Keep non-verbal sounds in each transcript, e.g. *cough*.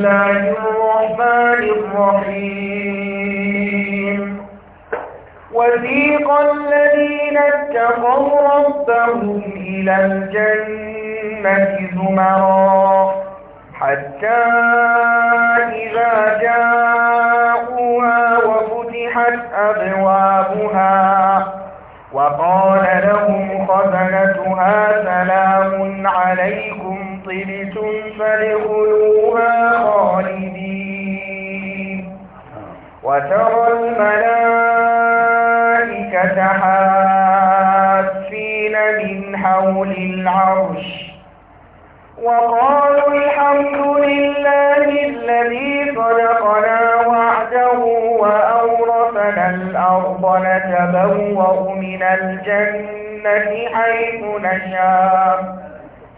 الله الرحمن الرحيم وذيق الذين اتقوا ربهم إلى الجنة زمرا حتى إذا جاءوها وفتحت أبوابها وقال لهم خزنتها سلام عليكم صلتم فادخلوها خالدين وترى الملائكة حافين من حول العرش وقالوا الحمد لله الذي صدقنا وعده وأورثنا الأرض نتبوأ من الجنة حيث نشاء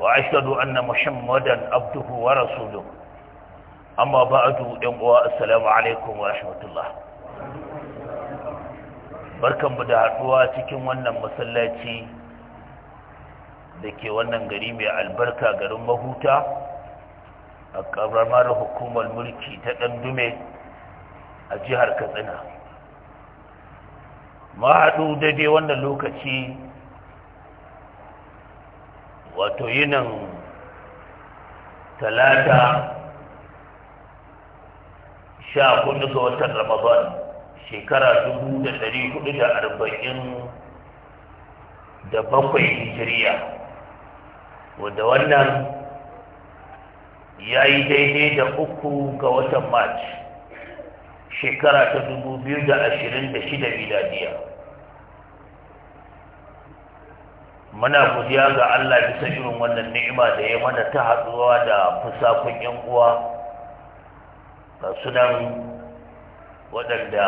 وأشهد أن محمدا عبده ورسوله أما بعد ينقوى السلام عليكم ورحمة الله barkan mu da haɗuwa cikin wannan masallaci da ke wannan gari mai albarka garin mahuta a ƙaramar hukumar mulki ta ɗandume a jihar katsina ma haɗu daidai wannan lokaci wato yinan talata sha kudu ga watan ramadan shekara dubu da dari hudu da arba'in da bakwai hijiriya wanda wannan ya yi daidai da uku ga watan march shekara ta dubu biyu da ashirin da shida miladiya muna godiya ga Allah bisa irin wannan ni'ima da ya mana ta haɗuwa da fusakun yan uwa ga sunan waɗanda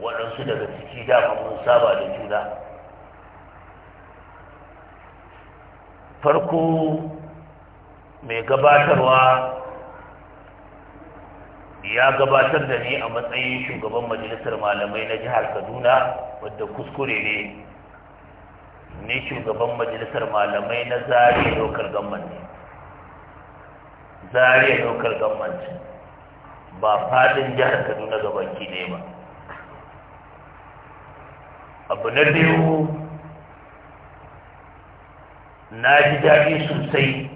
waɗansu daga ciki dama mun saba da juna farko mai gabatarwa ya gabatar da ni a matsayin shugaban majalisar malamai na jihar kaduna wadda kuskure ne ne shugaban majalisar malamai na zariya lokal gammanci zariya lokal gammanci ba fadin jihar kaduna gabanki ne ba abu na biyu na ji daɗi sosai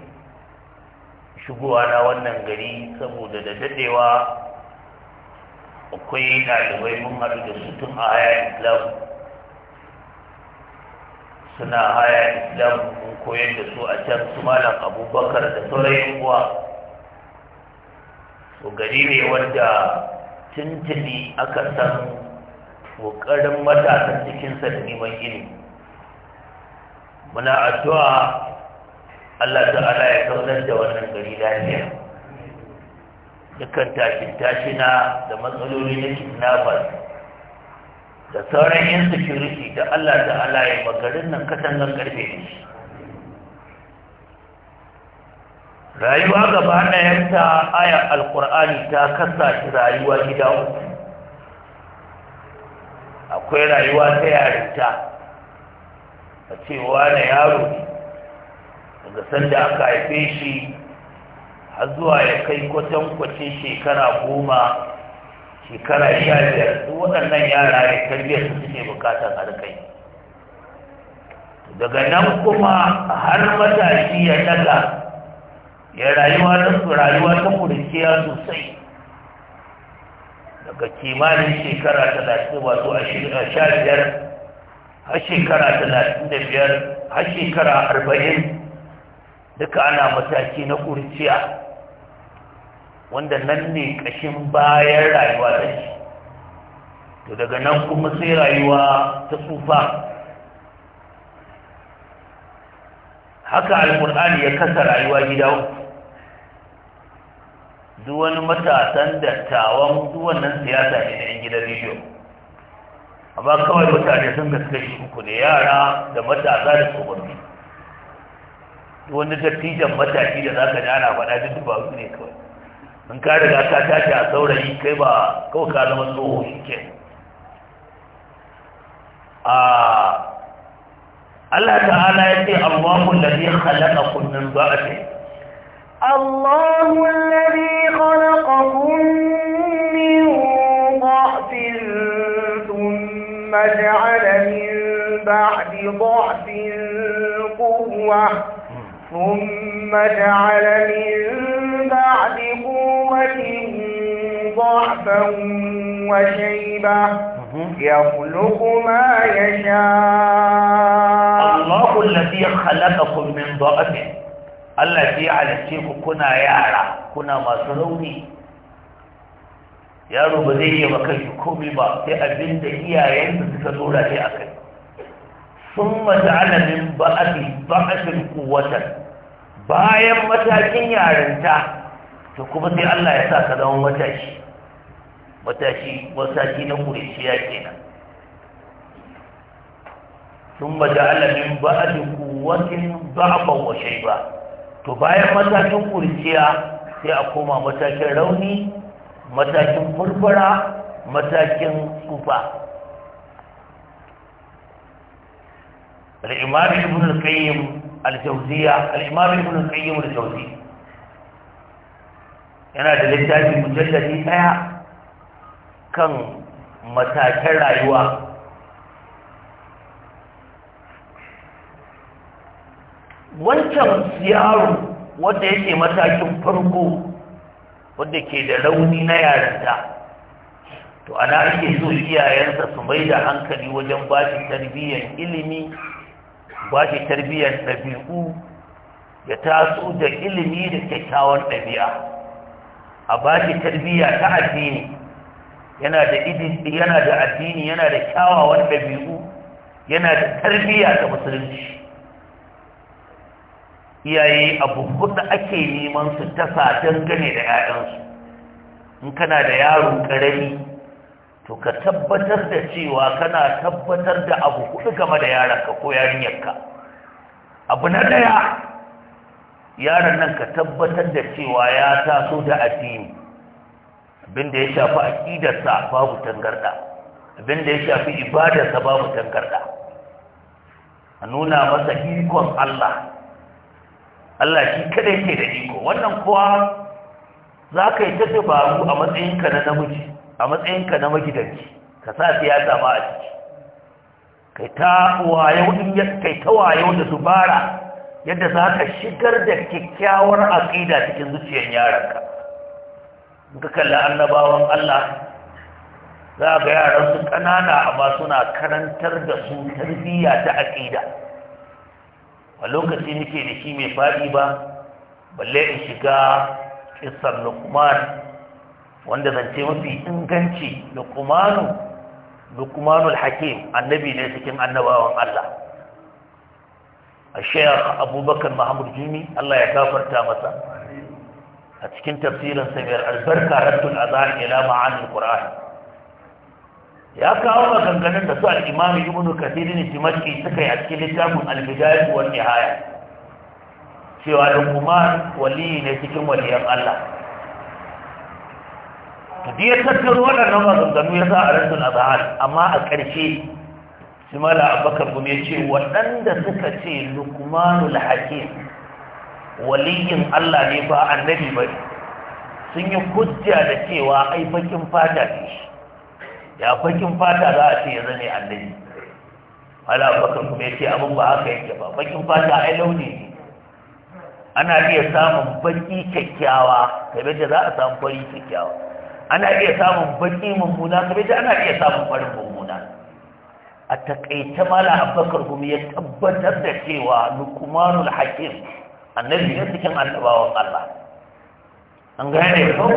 shigowa na wannan gari saboda da daɗewa akwai ɗalibai mun haɗu da su tun a haya islam suna haya islam mun koyar da su a can su malam abubakar da saurayin uwa to gari ne wanda tuntuni aka san ƙoƙarin matasan cikinsa da neman ilimi muna addu'a Allah ta'ala ya kaunar da wannan gari lafiya dukkan tashin tashina da matsaloli na kidnappers da sauran yin security da Allah da Allah ya magarin nan nan karfe ne rayuwa gaba na yanta aya alkur'ani ta kasa shi rayuwa gida uku akwai rayuwa ta yarinta a cewa na yaro ne daga sanda aka haife shi har zuwa ya kai kwatankwacin shekara goma shekara sha biyar duk waɗannan yara ne tarbiyyar su suke a rikai daga nan kuma har matashi ya daga ya rayuwa ta rayuwa ta kuriciya sosai daga kimanin shekara talatin wato a sha biyar har shekara talatin da biyar har shekara arba'in duka ana mataki na kurciya wanda nan ne ƙashin bayan rayuwa ta shi to daga nan kuma sai rayuwa ta tsufa haka alkur'ani ya kasa rayuwa gida duk wani matasan dattawan duk wannan siyasa ne na 'yan gidan rediyo amma kawai mutane sun shi uku da yara da matasa da tsofaffi wani dattijan matashi da za ka jana ana faɗa duk dubaru ne kawai in ka riga ta tashi a saurayi kai ba kawai ka zama tsoho shi ke a Allah ta'ala ya ce Allahu alladhi a min dha'fin Allahu alladhi khalaqakum min dha'fin sun ja'ala min ba'di dha'fin quwwatan ثم جعل من بعد قوة ضعفا وشيبة يخلق ما يشاء الله الذي خلقكم من ضعف Allah sai halice ku kuna yara kuna masu rauni yaro ba zai yi maka shi komai ba sai abin da shi a kai sun maja'ala min ba'afi ba'afin kuwatar bayan matakin yarinta to kuma sai Allah ya sa ka zama matashi matashi matashi na kurishiya kenan sun maja'ala min ba'afi kuwatin ba'aban wa shaiba to bayan matakin kurishiya sai a koma matakin rauni matakin furfura matakin tsufa الإمام ابن القيم الجوزية الإمام ابن القيم الجوزية yana da littafi mujalladi ɗaya kan matakan rayuwa wancan yaro wanda yake matakin farko wanda ke da rauni na yaranta, to ana ake so iyayensa su mai da hankali wajen ba shi tarbiyyar ilimi ba shi tarbiyyar ɗabi'u ya taso da ilimi da kyakkyawan ɗabi'a a ba shi tarbiyya ta addini yana da yana da addini yana da kyawawan ɗabi'u yana da tarbiyya ta musulunci iyaye abu da ake neman su tasa dangane da 'ya'yansu in kana da yaro ƙarami to ka tabbatar da cewa kana tabbatar da abu kuɗi game da yaranka ko yarinyarka abu na ɗaya yaron nan ka tabbatar da cewa ya taso da addini abinda ya shafi aƙidarsa babu tangarɗa abinda ya shafi ibadarsa babu tangarɗa a nuna masa ikon Allah Allah shi kada ke da iko wannan kowa za ka yi ta dabaru a matsayinka na namiji a matsayinka na magidanci ka sa siyasa ma a ciki kai ta wayo kai ta wanda da dubara yadda za ka shigar da kyakkyawar aƙida cikin zuciyar yaranka ka kalli annabawan Allah za ga yaran su ƙanana amma suna karantar da su tarbiyya ta aƙida a lokaci nake da shi mai faɗi ba balle in shiga ƙisar lukman wanda zance mafi inganci lukumanu lukumanu al-hakim annabi ne cikin annabawan Allah Sheikh Abubakar Muhammad Jumi, Allah ya gafarta masa a cikin tafsirin samiyar mai albarka raddul azan ila ma'an al-Qur'an ya kawo maganganun da su al-Imam Ibn Kathir ne fi suka yi a cikin littafin al-Bidayah wa an-Nihaya cewa lukumanu waliyi ne cikin waliyan Allah da ya tattaro waɗannan maganganu ya sa a rasul azhar amma a ƙarshe shi mala abakar kuma ya ce waɗanda suka ce lukmanul hakim waliyin allah ne ba annabi ba sun yi hujja da cewa ai bakin fata ne shi ya bakin fata za a ce ya zane annabi mala abakar kuma ya ce abin ba haka yake ba bakin fata ai launi ne ana iya samun baki kyakkyawa kamar da za a samu fari kyakkyawa ana iya samun baki mummuna kamar da ana iya samun farin mummuna a taƙaita mala abubakar kuma ya tabbatar da cewa lukumanul hakim annabi cikin annabawan Allah an gane ko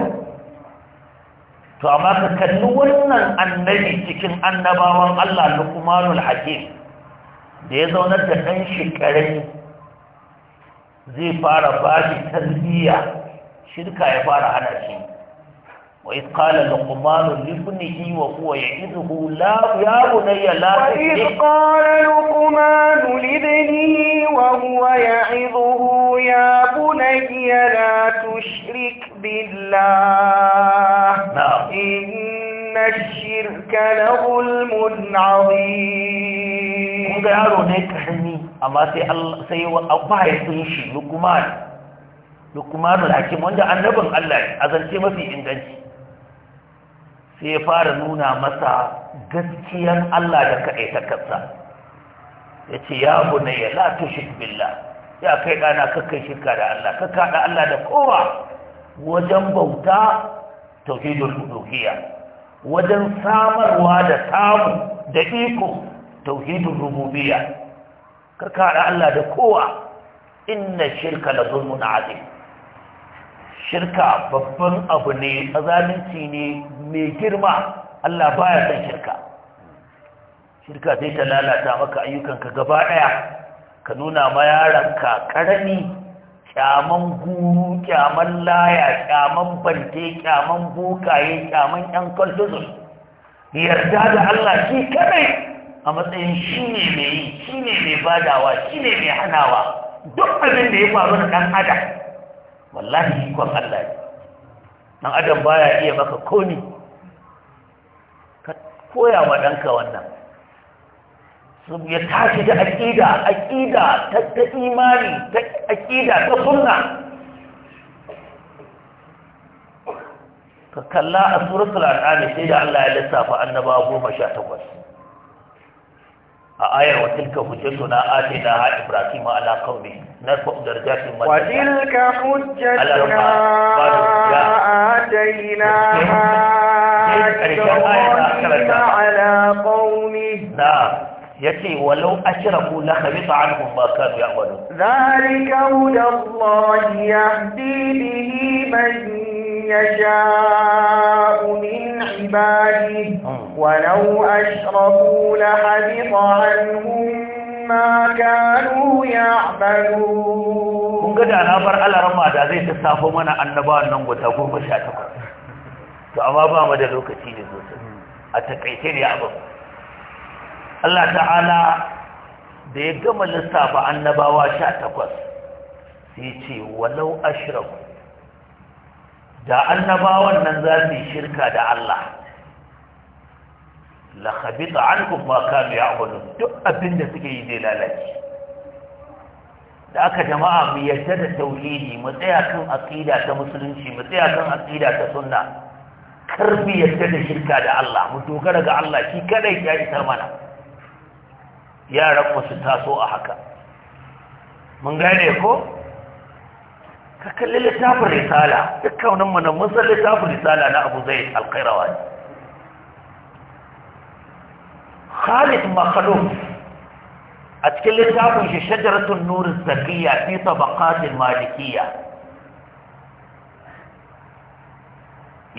to amma ka kalli wannan annabi cikin annabawan Allah lukumanul hakim da ya zaunar da ɗan shekarai zai fara ba shi tarbiyya shirka ya fara hana shi وإذ قال لقمان لابنه وهو يعظه لا يا بني لا وإذ قال لقمان لابنه وهو يعظه يا بني لا تشرك بالله نعم إن الشرك لظلم عظيم kun ga yaro ne karni amma sai Allah sai sun shi lukman lukmanul hakim wanda annabin Allah azance mafi inganci sai ya fara nuna masa gaskiyan Allah da kaɗaitakarsa ya ce ya bunayya la tushrik ya kai ɗana kakai shirka da Allah ka kaɗa Allah da kowa wajen bauta tauhidul uluhiyya wajen samarwa da samu da iko tauhidul rububiyya ka kaɗa Allah da kowa inna shirka la zulmun azim shirka babban abu ne azalunci ne mai girma Allah baya san shirka shirka sai ta lalata maka ayyukan ka gaba daya ka nuna ma yaranka karami kyaman guru kyaman laya kyaman bante kyaman bukaye, kyaman yan kaltuzun yarda da Allah shi kadai a matsayin shi ne mai yi shi ne mai badawa shi ne mai hanawa duk abin da ya faru da dan adam wallahi ikon Allah ne dan adam baya iya maka komi ka koya wa danka wannan su ya tashi da aƙida aƙida ta ta imani ta aƙida ta sunna ka kalla a suratul al'ani sai da Allah ya lissafa Annaba goma sha takwas a ayar wa tilka hujjatuna atina ha ibrahima ala qaumihi ناس فوق درجات المدى وتلك حجتنا آتيناها *laughs* يعني آية إبراهيم على قومه نعم يتي ولو أشركوا لخبط عنهم ما كانوا يعملون ذلك هدى الله يهدي به من يشاء من عباده ولو أشركوا لحبط عنهم ما كانوا يعملون kun ga da na bar alarma da zai lissafo mana annabawan nan guda goma sha takwas to amma ba mu da lokaci ne sosai a takaice ne abin Allah ta'ala da ya gama lissafa annabawa sha takwas sai ce walau ashraku da annabawan nan za su yi shirka da Allah la khabita ankum ma kanu duk abin da suke yi zai lalace da aka jama'a mu yarda da tauhidi mu tsaya kan aqida ta musulunci mu tsaya kan aqida ta sunna kar mu yarda da shirka da Allah mu dogara ga Allah shi kadai ya isar mana yaran mu su taso a haka mun gane ko ka kalli littafin risala dukkanin mu na mun littafin risala na Abu Zaid al-Qayrawani khalid makhluk a cikin littafin shi shajaratun nuri zakiya fi tabaqatil ya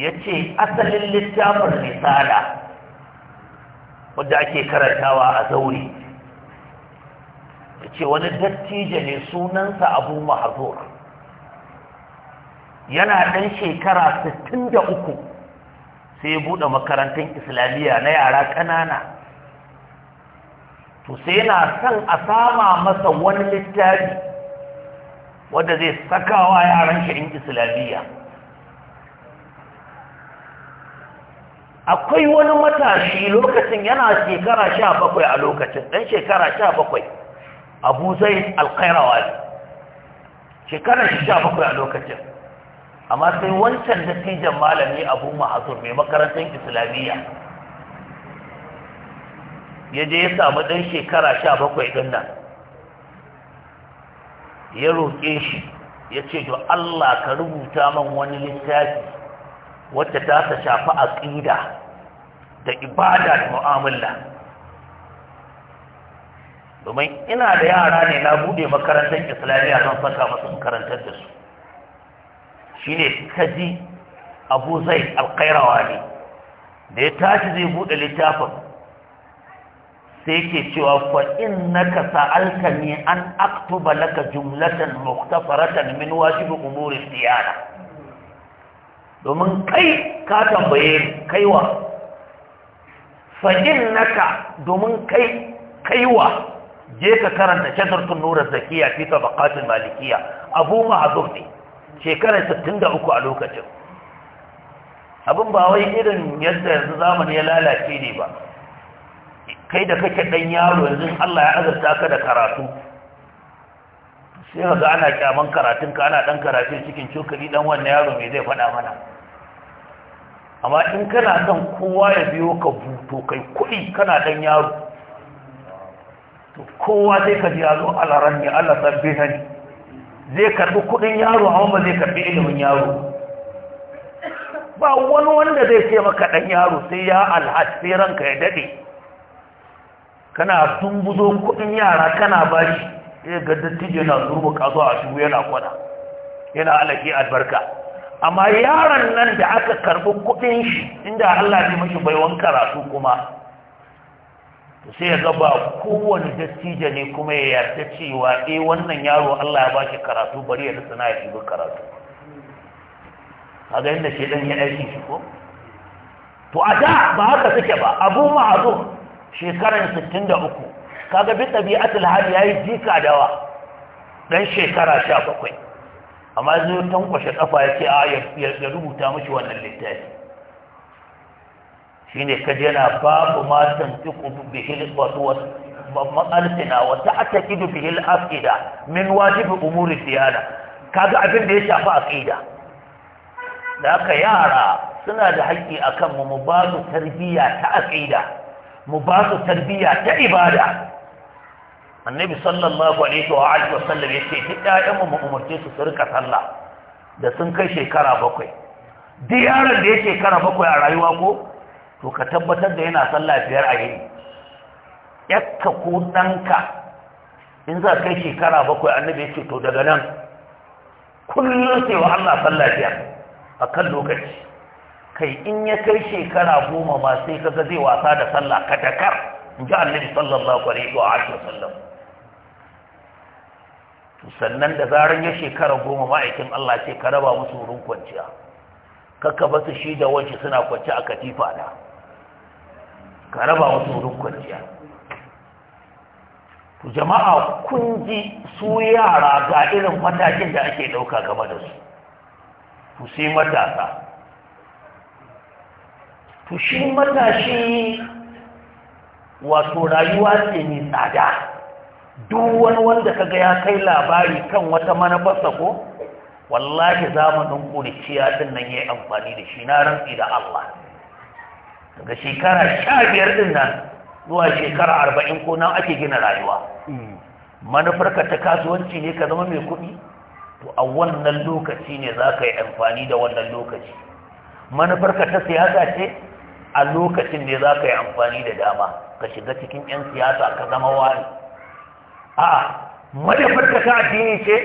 yace asalin littafin risala wanda ake karantawa a zauri yace wani dattijo ne sunansa Abu Mahzur yana dan shekara sittin da uku sai ya buɗe makarantar islamiyya na yara ƙanana to sai yana son a sama masa wani littafi wanda zai sakawa yaran shi in islamiyya akwai wani matashi lokacin yana shekara sha bakwai a lokacin ɗan shekara sha bakwai abu zai alkairawa ne shekarar sha bakwai a lokacin amma sai wancan dattijan malami abu mahazur mai makarantar islamiyya ya je ya samu ɗan shekara sha bakwai ɗin nan ya roƙe shi ya ce to Allah ka rubuta man wani littafi wacce ta ta shafi aƙida da ibada da mu'amala domin ina da yara ne na bude makarantar islamiyya don saka masu karantar da su shine kaji abu zai alkairawa ne da ya tashi zai bude littafin sai ke cewa fa innaka sa'altani an aktuba laka jumlatan muktafaratan min wajib umuri diyana domin kai ka tambaye kaiwa fa ka domin kai kaiwa je ka karanta shadartun nura zakiya fi tabaqatul malikiya abu mahzuf ne shekarar 63 a lokacin abin ba wai irin yadda yanzu zamani ya lalace ne ba kai da kake dan yaro yanzu Allah ya azurta ka da karatu sai ga ana kyaman karatun ka ana dan karatu cikin cokali dan wannan yaro me zai faɗa mana amma in kana son kowa ya biyo ka buto kai kuɗi kana dan yaro to kowa sai ka ji zo alaran ne Allah sabbe ne zai karɓi kuɗin yaro amma ba zai karɓi ilimin yaro ba wani wanda zai ce maka dan yaro sai ya alhaji sai ranka ya dade kana tumbuzo kudin yara kana bashi sai ga dattijo na zurba kasuwa a shugu yana kwana yana alaƙi albarka amma yaron nan da aka karɓi kudin shi inda Allah ya mishi baiwan karatu kuma sai ya gaba kowane dattijo ne kuma ya yarda cewa eh wannan yaro Allah ya bashi karatu bari ya tsana na shigo karatu kaga inda shedan ya aiki shi ko to a da ba haka suke ba abu ma'azur shekaran 63 kaga bi tabi'atul hal yayi jika dawa Ɗan shekara 17 amma zai tankwashe kafa yake a ya rubuta mishi wannan littafi shine kaje na babu ma tantiqu bihil waswas na wata ake kidu bihil afida min wajibi umuri diyana kaga abin da ya shafi aqida da aka yara suna da haƙƙi akan mu mu ba su tarbiyya ta aqida mu ba su tarbiyya ta ibada annabi sallallahu alaihi wa alihi wa sallam yace duk ƴaƴan mu umurce su rika sallah da sun kai shekara bakwai duk yaron da ya shekara bakwai a rayuwa ko to ka tabbatar da yana sallah biyar a yini yakka ko danka in za kai shekara bakwai annabi yace to daga nan kullum sai wa Allah sallah biyar kan lokaci kai in ya kai shekara goma ma sai kaga zai wasa da sallah ka takar in ji annabi sallallahu alaihi wa alihi wasallam sannan da zaran ya shekara goma ma'aikin Allah ce ka raba musu wurin kwanciya kakka basu shi da wanci suna kwanci a katifa da ka raba musu wurin kwanciya to jama'a kun ji su yara ga irin matakin da ake ɗauka game da su ku sai matasa to shi matashi wato rayuwa ce mai tsada duk wani wanda kaga ya kai labari kan wata manufarsa ko wallahi zamanin ƙuriciya din nan ya yi amfani da shi na rantsi da Allah daga shekara sha biyar din nan zuwa shekara arba'in ko nan ake gina rayuwa manufarka ta kasuwanci ne ka zama mai kuɗi to a wannan lokaci ne za ka yi amfani da wannan lokaci manufarka ta siyasa ce a lokacin ne za ka yi amfani da dama ka shiga cikin 'yan siyasa ka zama wani a madafar ka ta addini ce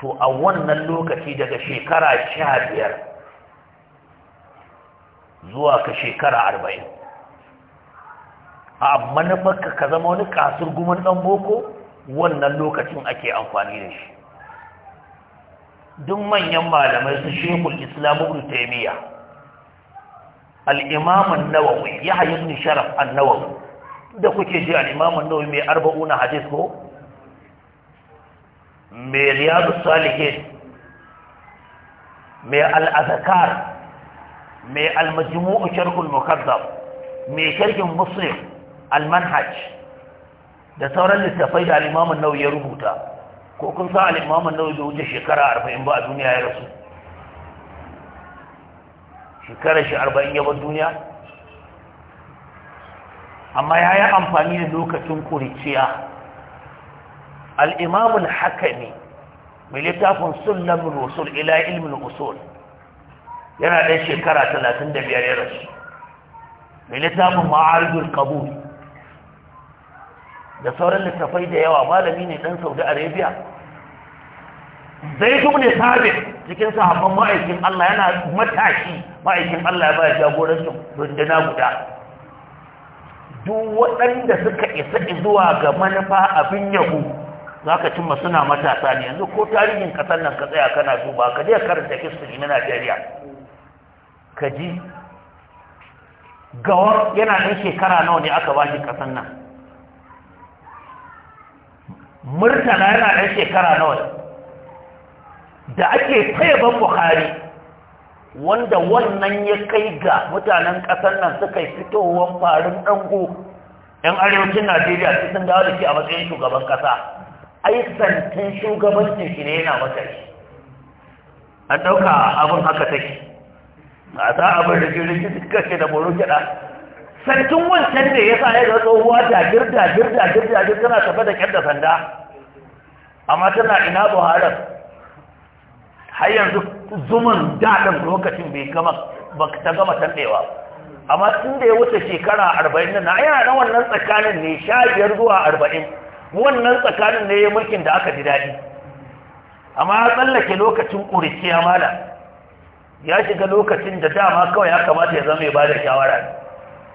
to a wannan lokaci daga shekara sha biyar zuwa ka shekara arba'in a manufarka ka zama wani kasur guman ɗan boko wannan lokacin ake amfani da shi duk manyan malamai su shekul islamu taimiyya al-imam an-nawawi yahya ibn sharaf an-nawawi da kuke ji al-imam an-nawawi mai arba'una hadith ko mai Riyadu salihin mai al-azkar mai al majimu sharh al-mukaddam mai Sharkin muslim al-manhaj da sauran littafai da al-imam nawawi ya rubuta ko kun sa al-imam an-nawawi da wuce shekara 40 ba a duniya ya rasu shekarar shi arba'in yaban duniya amma ya yi amfani da lokacin kuriciya haka hakami mai littafin sunan rusul ila ilmin usul yana ɗan shekara talatin da biyar ya rasu mai littafin ma'arjul kabul da sauran littafai da yawa malami ne ɗan saudi arabia zai ne sabit cikin sahabban ma'aikin allah yana matashi ma'aikin Allah ba ya jagorancin runduna guda duk waɗanda suka isa zuwa ga manufa abin yahu za ka cimma suna matasa ne yanzu ko tarihin ƙasar nan ka tsaya kana duba ka je karanta history na Najeriya ka ji gawar yana ɗan shekara nawa ne aka bashi ƙasar nan murtala yana ɗan shekara nawa da ake taya ban buhari wanda wannan ya kai ga mutanen ƙasar nan suka yi fitowar farin ɗango 'yan arewacin najeriya su sun dawo da shi a matsayin shugaban ƙasa aikantin shugabancin shi ne yana mata an ɗauka abin haka take a ta abin da rikin suka kashe da boro kiɗa sarkin wancan ne ya sa ya ga tsohuwa girda, girda, girda, girda, tana tafa da ƙyar da sanda amma tana ina buharar har yanzu zuman daɗin lokacin bai gama ba ta gama tanɗewa amma tun da ya wuce shekara arba'in na yana na wannan tsakanin ne sha biyar zuwa arba'in wannan tsakanin ne ya mulkin da aka ji daɗi amma ya tsallake lokacin ƙuriciya mala ya shiga lokacin da dama kawai ya kamata ya zama ya ba da shawara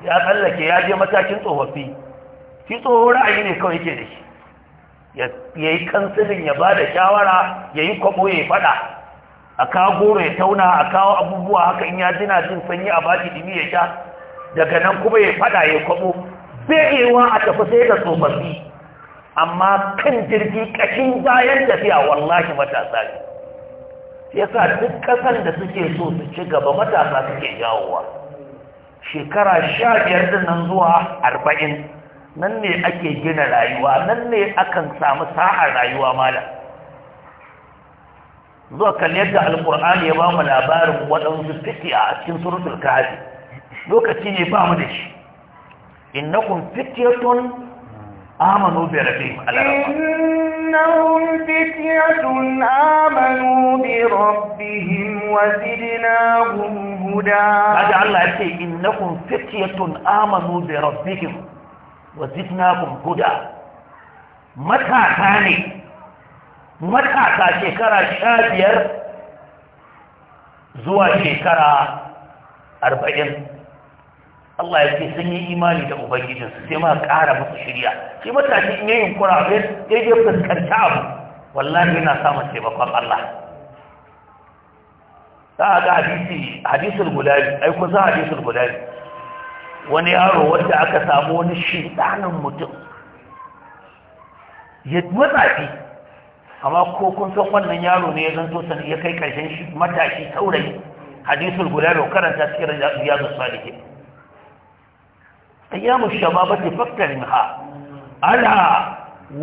ya tsallake ya je matakin tsofaffi shi tsoho ra'ayi ne kawai yake da shi ya yi kansilin ya ba da shawara ya yi kwabo ya yi faɗa a kawo goro ya tauna a kawo abubuwa haka in ya jina jin sanyi a baki dimi ya sha daga nan kuma ya fada ya kwabo wa a tafi sai da tsofaffi amma kan jirgi kashin bayan tafiya wallahi matasa ne Ya sa duk kasan da suke so su ci gaba matasa suke jawowa shekara sha biyar din nan zuwa arba'in nan ne ake gina rayuwa nan ne akan samu sa'ar rayuwa malam zuwa kan yadda alkur'ani ya ba mu labarin waɗansu fitiya a cikin suratul kahfi lokaci ne ba mu da shi innakum fityatun amanu bi rabbihim innahum fityatun amanu bi rabbihim wa zidnahum huda kaga Allah yake innakum fityatun amanu bi rabbihim wa zidnahum huda matata ne matasa shekara sha biyar zuwa shekara arba'in Allah ya ce sun yi imani da Ubangijinsu sai ma ƙara musu shirya shi matashi in yayin kura sai daidai fuskanta abu wallahi yana samun taimakon Allah za a ga hadisi hadisul gulali ai kusa hadisul gulali wani yaro wanda aka samu wani shedanin mutum ya matsafi amma ko kun san wannan yaro ne ya zanto san ya kai karshen shi matashi saurayi hadisul gulalo karanta cikin riyadu salihin ayyamu shababati faktar minha ala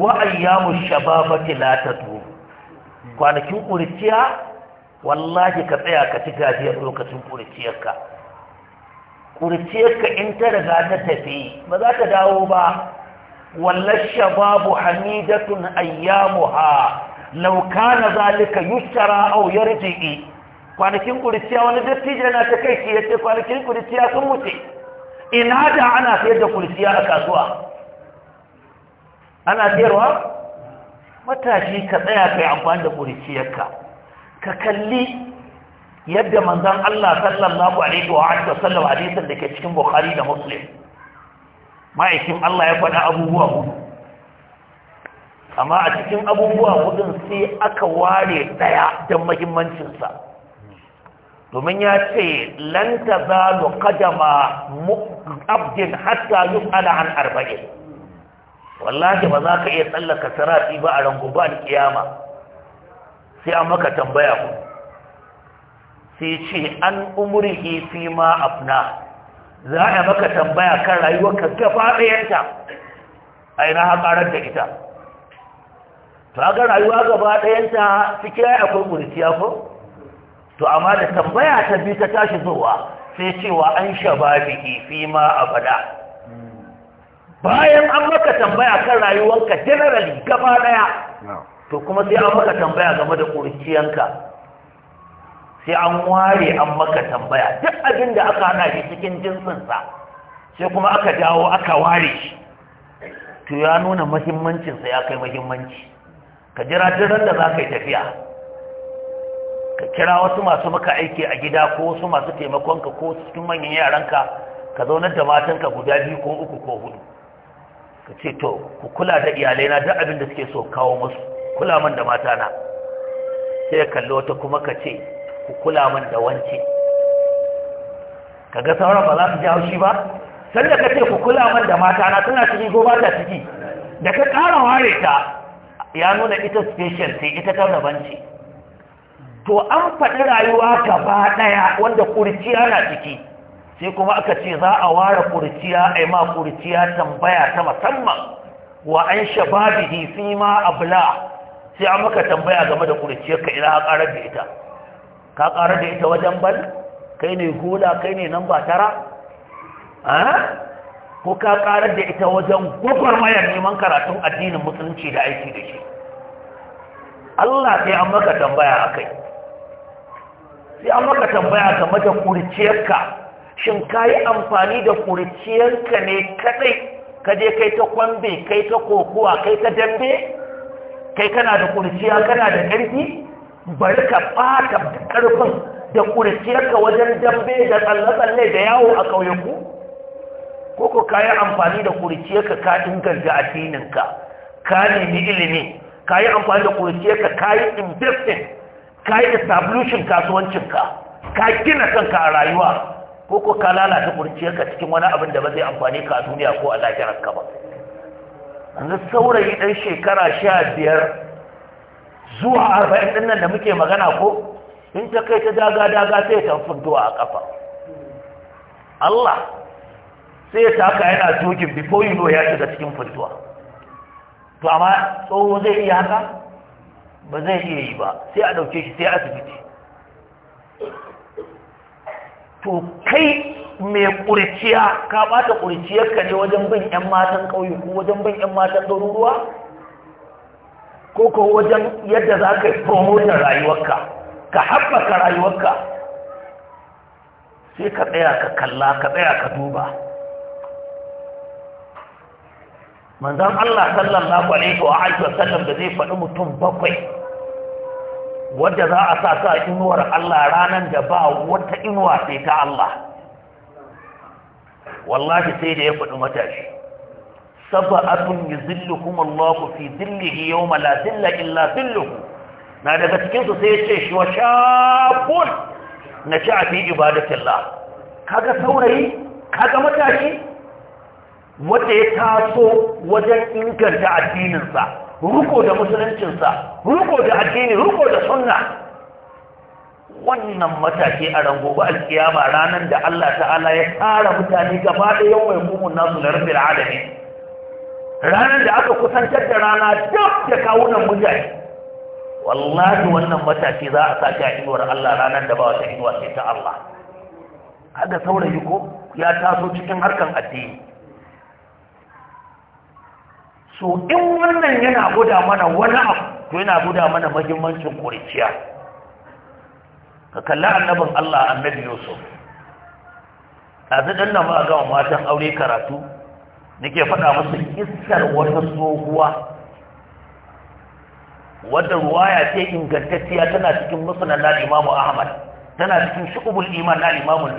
wa ayyamu shababati la tatu kwanakin kuriciya wallahi ka tsaya ka ci gajiyar lokacin kuriciyarka kuriciyarka in ta riga ta tafi ba za ta dawo ba wallar shababu hamidatun ayyamuha lauka na zalika yushara au yarji'i kwanakin kuriciya wani dattijo yana ta kai shi yace kwanakin kuriciya sun wuce ina da ana sayar da kuriciya a kasuwa ana sayarwa matashi ka tsaya kai amfani da kuriciyarka ka kalli yadda manzon Allah sallallahu alaihi wa alihi wasallam hadisin da ke cikin Bukhari da Muslim ma'aikin Allah ya faɗa abubuwa hudu amma a cikin abubuwa hudun sai aka ware daya don mahimmancinsa domin ya ce lanta za lu kadama abdin hatta yi ala an arba'in wallahi ba za ka iya tsallaka sarati ba a da kiyama sai an maka tambaya ku sai ce an umurihi fi ma afna za a maka tambaya kan ka gaba ɗayanta a ina haƙarar da ita to aka rayuwa gaba ɗayanta cikin ya akwai ƙuriciya ko to amma da tambaya ta biyu ta tashi zuwa sai cewa an shaba biki fi ma abada bayan an maka tambaya kan rayuwanka generally gaba ɗaya to kuma sai an maka tambaya game da ƙuriciyanka sai an ware an maka tambaya duk abin da aka hana shi cikin jinsinsa sai kuma aka dawo aka ware shi to ya nuna mahimmancinsa ya kai mahimmanci ka jira jiran da za ka yi tafiya ka kira wasu masu maka aiki a gida ko wasu masu taimakonka ko cikin manyan yaranka ka zaunar da matanka guda biyu ko uku ko hudu ka ce to ku kula da iyalaina duk abin da suke so kawo musu kula min da matana sai ya kalli wata kuma ka ce ku kula min da wance kaga sauran ba za su jawo haushi ba sanda ka ce ku kula min da matana tana ciki ko ba ta ciki da ka ƙara ware ta ya nuna ita special ce ita ta daban ce to an faɗi rayuwa gaba ɗaya wanda kurciya na ciki sai kuma aka ce za a ware kurciya a ma kurciya tambaya ta musamman wa an shababihi hifi ma abla sai an maka tambaya game da kurciyar ka ina ka da ita ka ƙarar da ita wajen bal kai ne gola kai ne nan ba tara ko ka karar da ita wajen mayar neman karatun addinin musulunci da aiki da shi Allah sai an maka tambaya a kai sai an maka tambaya game da kuriciyarka shin ka yi amfani da kuriciyarka ne kadai ka je kai ta kwambe kai ta kokowa kai ta dambe kai kana da kuriciya kana da ƙarfi bari ka ɓata ƙarfin da kuriciyarka wajen dambe da tsalle-tsalle da yawo a ƙauyenku ko ko ka yi amfani da kurciyarka ka inganta addininka ka nemi ilimi ka yi amfani da kurciyarka ka yi investing ka yi establishing kasuwancinka ka gina kanka a rayuwa ko ko ka lalata ka cikin wani abin da ba zai amfani ka a duniya ko a lahirarka ba yanzu saurayi ɗan shekara sha biyar zuwa arba'in ɗin nan da muke magana ko in ta kai ta daga-daga sai ta fito a kafa. Allah sai ya taka yana tukin before you know ya shiga cikin furtuwa to amma tsoho zai iya haka ba zai iya yi ba sai a ɗauke shi sai asibiti to kai mai ƙuriciya ka ɓata ka ne wajen bin 'yan matan ƙauye ko wajen bin 'yan matan ɗaruruwa ko ko wajen yadda za ka yi promotin rayuwarka ka haɓaka rayuwarka sai ka tsaya ka kalla ka tsaya ka duba manzan Allah sallallahu alaihi wa alihi wasallam da zai faɗi mutum bakwai Wadda za a sa sa inuwar Allah ranar da ba wata inuwa sai ta Allah wallahi sai da ya faɗi matashi kuma yuzillukum ku fi dhillihi yawma la dhilla illa dhilluhu na daga cikinsu sai ya ce shi wa shabun na sha'a fi ibadatillah kaga saurayi kaga matashi wanda ya taso wajen inganta addininsa ruko da musuluncinsa ruko da addini ruko da sunna wannan matashi a rangoba alkiyama ranar da Allah ta'ala ya tsara mutane gaba da yau mai kumun nasu na rabin ranar da aka kusantar da rana duk da kawunan mutane wallahi wannan matashi za a sake a inuwar Allah ranar da ba wata inuwa sai ta Allah Haga saurayi ko ya taso cikin harkan addini so in wannan yana guda mana wani abu to yana guda mana mahimmancin kuriciya ka kalli annabin Allah annabi Yusuf kazi dan nan ba gama matan aure karatu nake faɗa musu iskar wata tsohuwa wadda ruwaya ce ingantacciya tana cikin musnad na Imam Ahmad tana cikin shu'ubul iman na Imam al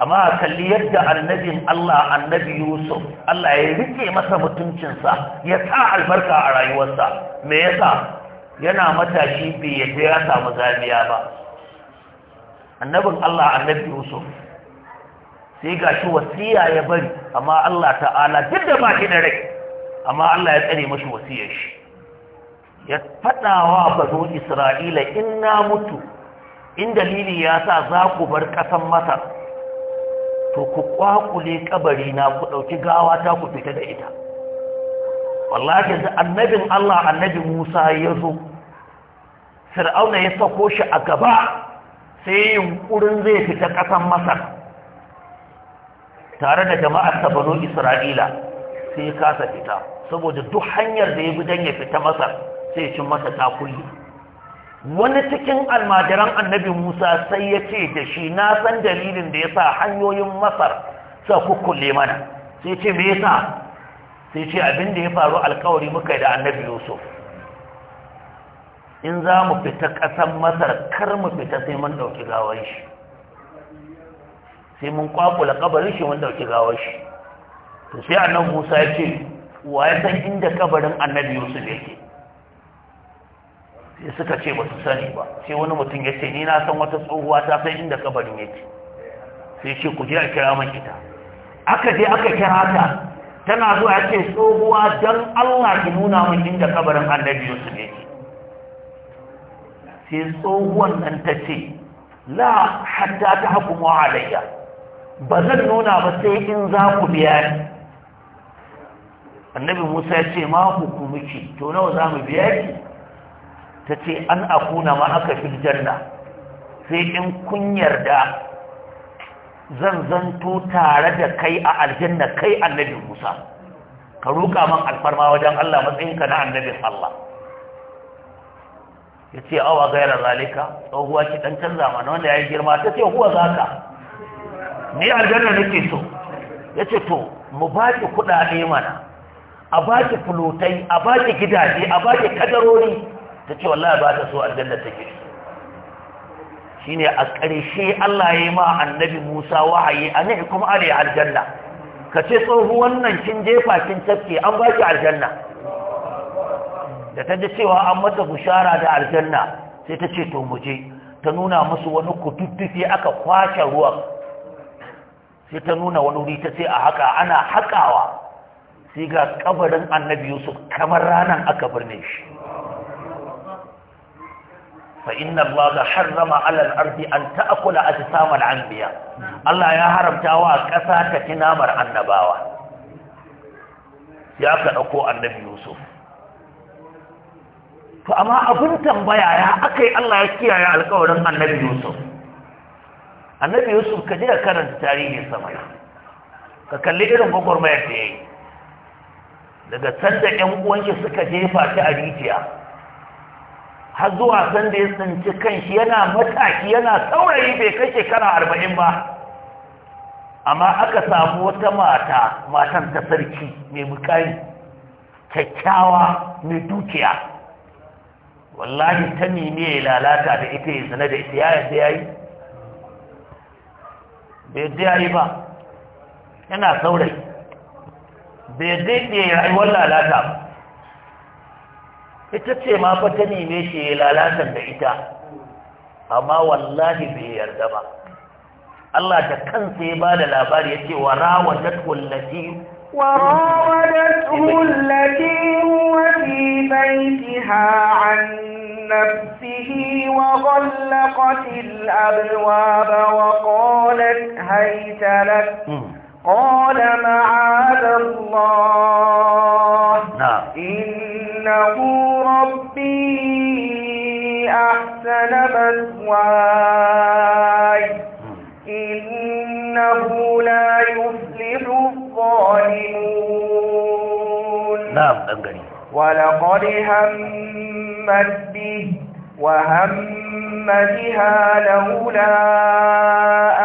amma kalli yadda annabin Allah annabi Yusuf Allah ya rike masa mutuncinsa ya sa albarka a rayuwarsa me yasa yana matashi bai yadda ya samu zamiya ba annabin Allah annabi Yusuf sai gashi wasiya ya bari amma Allah ta'ala duk da ba shi da rai amma Allah ya tsare mashi wasiyar shi ya fadawa bazo Isra'ila inna mutu in dalili ya sa za ku bar ƙasan Masar to ku kwakule kabari na ku dauki gawa ta ku fita da ita wallahi da annabin Allah annabi Musa ya zo Fir'auna ya sako shi a gaba sai yunkurin zai fita kasan Masar tare da jama'ar ta Isra'ila sai ya kasa fita saboda duk hanyar da ya bi dan ya fita Masar sai ya cin masa takulli wani cikin almajiran annabi musa sai ya ce da shi na san dalilin da ya sa hanyoyin masar sa kukkule mana sai ce me yasa sai ce abin da ya faru alkawari muka da annabi yusuf in za mu fita ƙasan masar kar mu fita sai mun ɗauki gawar shi sai mun kwakula kabarin shi mun ɗauki gawar shi to sai annabi musa ya ce wa ya san inda kabarin annabi yusuf yake sai suka ce ba su sani ba sai wani mutum ya ce ni na san wata tsohuwa ta san inda kabarin yake sai ce ku je a kira man ita aka je aka kira ta tana zuwa ya ce tsohuwa don Allah ki nuna min inda kabarin annabi Yusuf yake sai tsohuwan nan ta ce la hatta ta mu alayya ba zan nuna ba sai in za ku biya ni annabi Musa ya ce ma hukumiki to nawa za mu biya ki ta ce an akuna ma aka fi janna sai in kun yarda zan zanto tare da kai a aljanna kai annabi musa ka roƙa man alfarma wajen allah matsayinka na annabi allah ya ce awa gaira zalika tsohuwa ki ɗan canza mana wanda ya yi girma ta ce huwa za ka ni aljanna nake so ya ce to mu ba ki kuɗaɗe mana a ba ki fulotai a ba ki gidaje a ba ki kadarori ta ce wallahi ba ta so aljanna take ne a ƙarshe Allah ya yi ma annabi Musa wahayi a ne kuma alai aljanna ka ce tsohuwan nan kin jefa kin tafke an ba ki aljanna da ta ji cewa an mata bushara da aljanna sai ta ce to muje ta nuna musu wani kututtufi aka kwashe ruwan sai ta nuna wani wuri ta ce a haka ana hakawa sai ga kabarin annabi Yusuf kamar ranar aka birne shi fa inna har nama ala al-ardi an ta'kula ajsam al-anbiya Allah ya haramta wa ƙasa ta ci namar annabawa ya ka dauko annabi Yusuf to amma abin tambaya ya akai Allah ya kiyaye alƙawarin annabi Yusuf annabi Yusuf ka je ka karanta tarihin sama ka kalli irin gwagwarmayar da yayi daga sanda ƴan uwan shi suka jefa ta a rijiya har zuwa san da ya tsinci kanshi yana mataki yana saurayi bai kai shekara arba'in ba amma aka samu wata mata matan ta sarki mai bukari kyakkyawa mai dukiya wallahi ta nemi ya lalata da ita ya zana da ita ya yadda ya yi bai yadda ya yi ba yana saurayi bai yadda ya yi rayuwar lalata ba ita ce ma fa ta neme shi ya lalata da ita amma wallahi bai yarda ba Allah da kansa ya bada labari yace wa rawadatul lati wa rawadatul lati wa fi بيتها an نفسه وغلقت الأبواب وقالت هيت لك قال معاذ الله نعم إنه ربي أحسن مثواي إنه لا يفلح الظالمون نعم أبقى ولقد همت به وهم بها لولا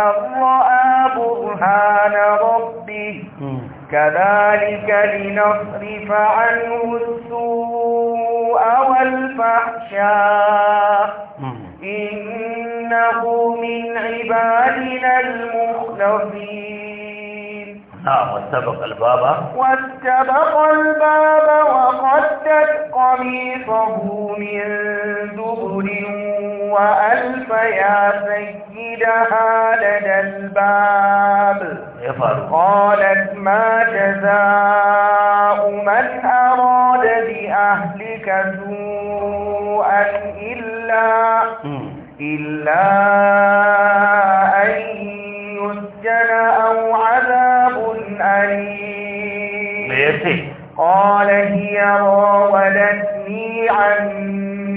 أن رأى برهان ربه كذلك لنصرف عنه السوء والفحشاء إنه من عبادنا المخلصين نعم واتبق الباب واتبق الباب وقدت قميصه من دبر وألف يا سيدها لدى الباب قالت ما جزاء من أراد بأهلك سوءا إلا إلا أن يسجن أو عذاب أليم قال هي راودتني عن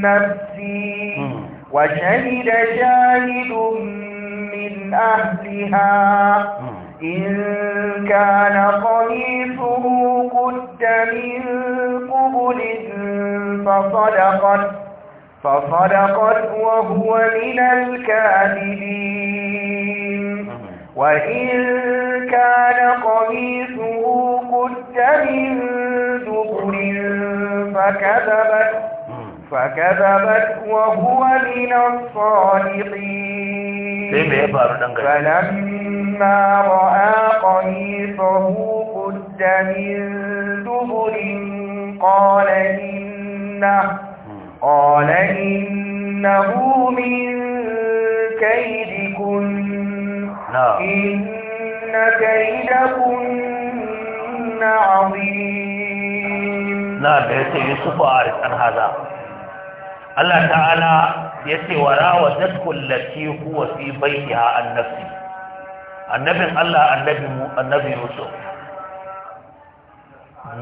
نفسي وشهد شاهد من أهلها إن كان قميصه قد من قبل فصدقت فصدقت وهو من الكاذبين وإن كان قميصه قد من دبر فكذبت فكذبت وهو من الصادقين فلما رأى قميصه قد من دبر قال إنه قال إنه من كيدكن إن كيدكن عظيم نعم يسي يوسف عارف عن هذا الله تعالى يسي وراودته التي هو في بيتها عن النبي الله النبي النبي يوسف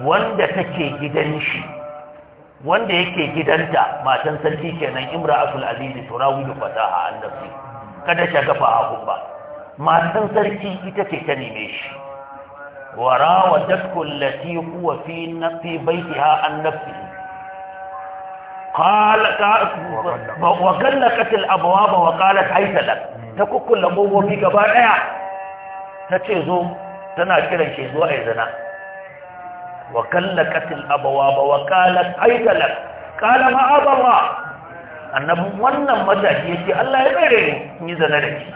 wanda take gidan shi wanda yake gidanta matan sarki kenan imra asul azizi turawi da a annabi kada shagafa hakun ba matan sarki ita ce ta neme shi wa rawadatku allati huwa fi nafsi baitiha an nafsi قالت وغلقت الابواب وقالت هيت ta تككل لبوبي gaba daya ce zo tana kiran shi zuwa ai zina wa kallakat al-abwab wa qalat hayta lak qala ma abara annabi wannan matashi Allah ya tsare ni zana da ki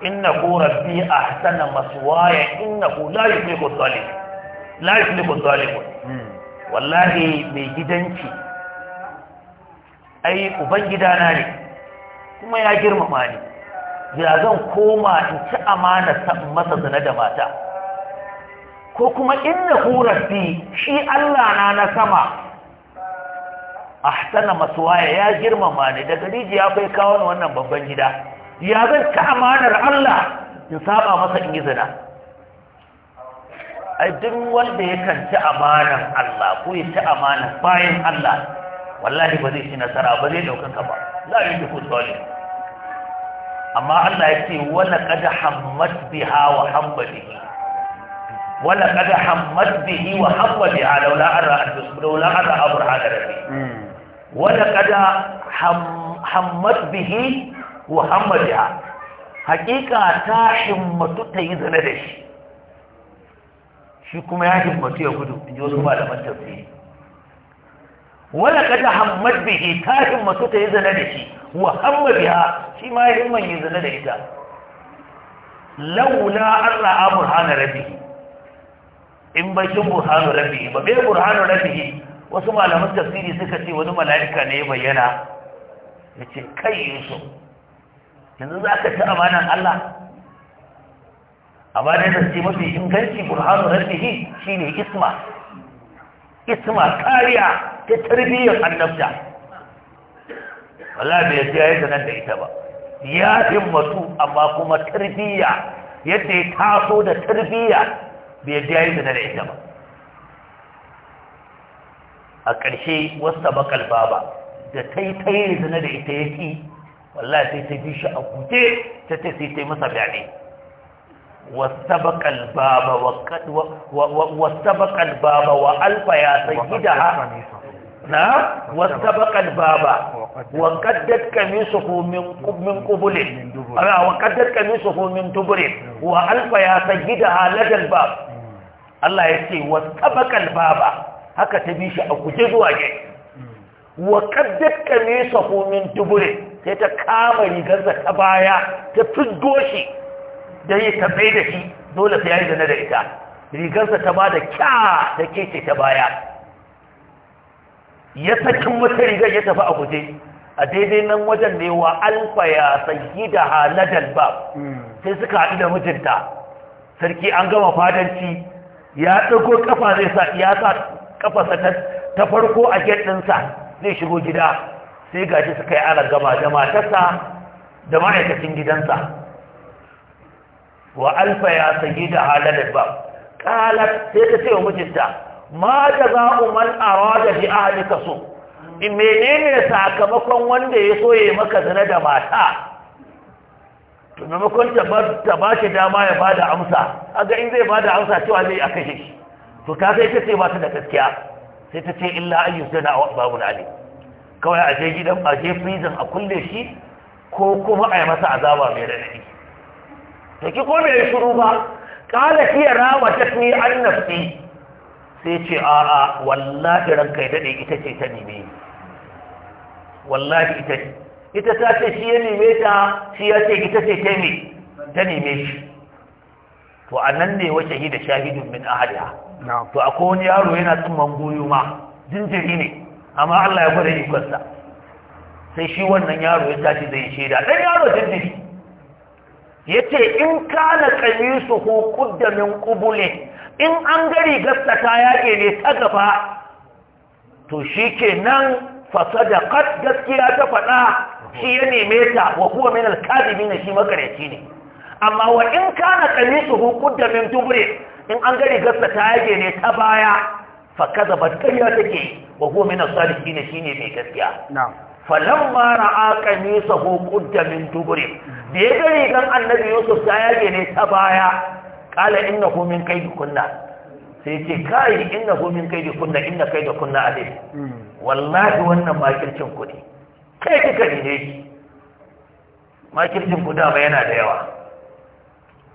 Inna innahu rabbi ahsana maswaya innahu la yuflihu zalim la yuflihu zalim wallahi mai gidanci ai uban gidana ne kuma ya girmama ni ya zan koma in ci amana ta masa zina da mata ko kuma innahu rabbi shi Allah na na sama ahsana maswaya ya girmama ni daga rijiya kai kawo wannan babban gida ya zan ci amanar Allah in saba masa in yi zina ai duk wanda ya kan ci amanar Allah ko ya ci amanar bayan Allah wallahi ba zai ci nasara ba zai ka ba za a yi yuhibbu zalim amma Allah ya ce wani kada Hamad biha wa hamma bihi wala kada Hamad bihi wa hamma biha laula arra laula arra abu hada rabbi hmm. wala kada Hamad bihi muhammadiha hakika ta himmatu ta yi zane da shi shi kuma ya himmatu ya gudu in ji wasu malaman tafsiri wala kada hammad bihi ta himmatu ta yi zane da shi wa hamma shi ma ya himman yi zane da ita laula an ra'a burhanu rabi in bakin burhanu rabi, ba bai burhanu rabi wasu malaman tafsiri suka ce wani mala'ika ne ya bayyana ya ce kai yusuf yanzu za ka ci amanan Allah amma da ce mafi inganci burhanu shi ne isma isma kariya ta tarbiyyar annabta Allah bai ya yi da ita ba ya himmatu amma kuma tarbiyya yadda ya taso da tarbiyya bai ya yi da ita ba a ƙarshe wasu bakal baba da taitaye zina da ita yake wallahi sai ta bi shi a kute ta ce sai ta yi masa fyaɗe wasabakal baba wa alfa ya sayyida ha na wasabakal baba wa kaddat kamisuhu min min qubulin wa kaddat kamisuhu wa alfa ya sayyida ha ladal bab Allah ya ce wasabakal baba haka ta bi shi a kuje zuwa ge wa kaddat kamisuhu min sai ta kama rigarsa ta baya ta fiddo shi da ya tafe da shi dole sai ya yi zane da ita rigarsa ta ba da kya ta kece ta baya ya sakin wata rigar ya tafi a guje a daidai nan wajen ne wa alfa ya sayi da haladar ba sai suka haɗu da mijinta sarki an gama fadanci ya ɗago kafa zai sa ya sa ta farko a gyaɗinsa zai shigo gida sai gashi suka yi ala gama da matarsa da ma'aikacin gidansa wa alfa ya sayi da halalar ba Ƙala, sai ta ce wa mijinta ma da za umar rada bi ahalika so menene sakamakon wanda ya soye maka zina da mata to maimakon ta ba shi dama ya bada amsa A ga in zai bada amsa cewa zai a kai shi to ta sai ta ce ba ta da gaskiya sai ta ce illa na babu na alim kawai a je gidan a je prison a kulle shi ko kuma a yi masa azaba mai raɗaɗi da ki ko bai shiru ba kala shi ya rawa ta fi an nafsi sai ce a a wallahi ranka ya daɗe ita ce ta nime wallahi ita ce ita ta ce shi ya nime ta shi ya ce ita ce ta ne ta nime shi to a nan ne wa shahida shahidun min ahadiha to akwai wani yaro yana tsimman goyo ma jinjiri ne amma Allah ya gwada ikonsa sai shi wannan yaro ya tashi zai shaida dan yaro jinjiri yace in kana qamisu hu qudda min qubulin in an gari gasta ta yake ne ta gaba to shikenan fa sadaqat gaskiya ta faɗa, shi ya neme ta wa huwa min al shi makareci ne amma wa in kana qamisu hu qudda min dubri in an gari gasta ta yake ne ta baya fa kaza ba kariya take wa huwa min as-salihin shine mai gaskiya na'am falamma ra'a qamisahu qudda min duburi da ya gare dan annabi yusuf ta yage ne ta baya qala innahu min kaydi kunna sai ce kai innahu min kaydi kunna inna kayda kunna alim wallahi wannan makircin ku kai kika ne makircin ku dama yana da yawa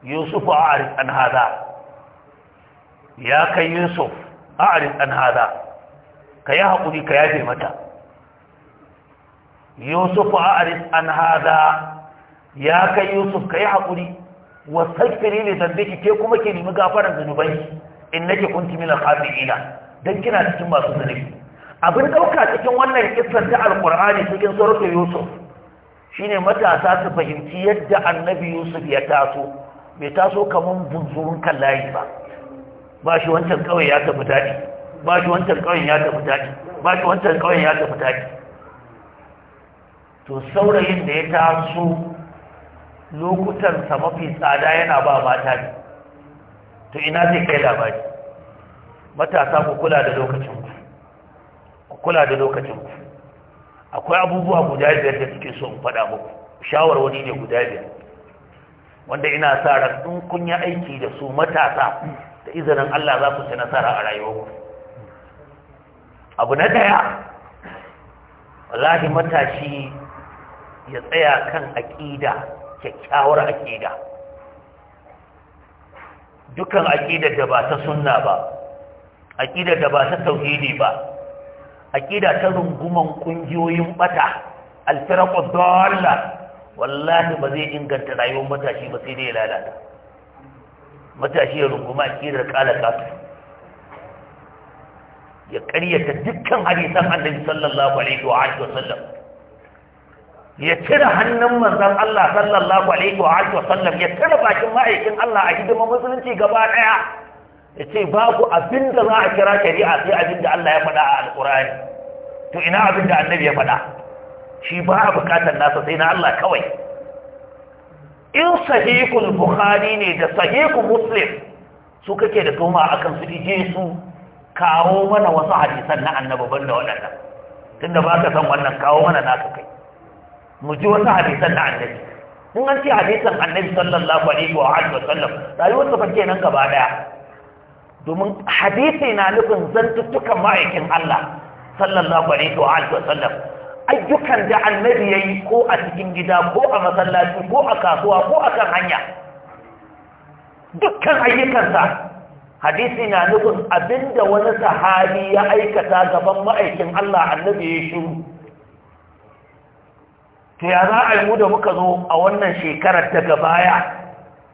yusuf a an hada ya kai yusuf A'arin an ka yi haƙuri ka yafe mata yusuf a'rid an hada ya kai yusuf ka yi haƙuri wasaffiri ne zambiki ke kuma ke nemi gafaran zunubai in nake kunti min al ina. Don kina cikin masu zunubi abin ɗauka cikin wannan kisar ta alqur'ani cikin suratul yusuf shine matasa su fahimci yadda annabi yusuf ya taso bai taso kaman bunzurun layi ba ba shi wancan kawai ya tafi taki ba shi wancan kawai ya tafi taki ba shi wancan kawai ya tafi taki to saurayin da ya taso lokutansa mafi tsada yana ba mata ne to ina zai kai labari matasa ku kula da lokacinku ku kula da lokacinku akwai abubuwa guda biyar da suke so in faɗa muku wani ne guda biyar wanda ina sa ran in kun yi aiki da su matasa da izinin Allah za ku ci nasara a rayuwarku abu na ɗaya wallahi matashi ya tsaya kan aƙida kyakkyawar aƙida dukan aƙidar da ba ta sunna ba aƙidar da ba ta tauhidi ba aƙida ta runguman ƙungiyoyin bata alfiraqud dalla wallahi ba zai inganta rayuwar matashi ba sai dai lalata matashi ya runguma a ƙirar ƙala ƙasu ya ƙaryata dukkan hadisan annabi sallallahu alaihi wa alihi ya cire hannun manzon Allah sallallahu alaihi wa alihi ya cire bakin ma'aikin Allah a hidimar musulunci gaba ɗaya ya ce babu abin da za a kira shari'a sai abin da Allah ya faɗa a alƙur'ani to ina abin da annabi ya faɗa shi ba a buƙatar nasa sai na Allah kawai in sahihul bukhari ne da sahihul muslim su kake da toma akan su dije su kawo mana wasu hadisan na annabi banda waɗannan tunda ba ka san wannan kawo mana naka kai mu ji wasu hadisan na annabi in an ci hadisan annabi sallallahu alaihi wa alihi wa sallam rayuwar sa fake nan gaba daya domin hadisi na nufin zantuttukan ma'aikin Allah sallallahu alaihi wa alihi wa sallam ayyukan da annabi ya yi ko a cikin gida ko a masallaci ko a kasuwa ko a kan hanya dukkan ayyukansa hadisi na nufin abinda wani sahabi ya aikata gaban ma'aikin Allah annabi ya shiru to ya za a yi mu da muka zo a wannan shekarar ta gabaya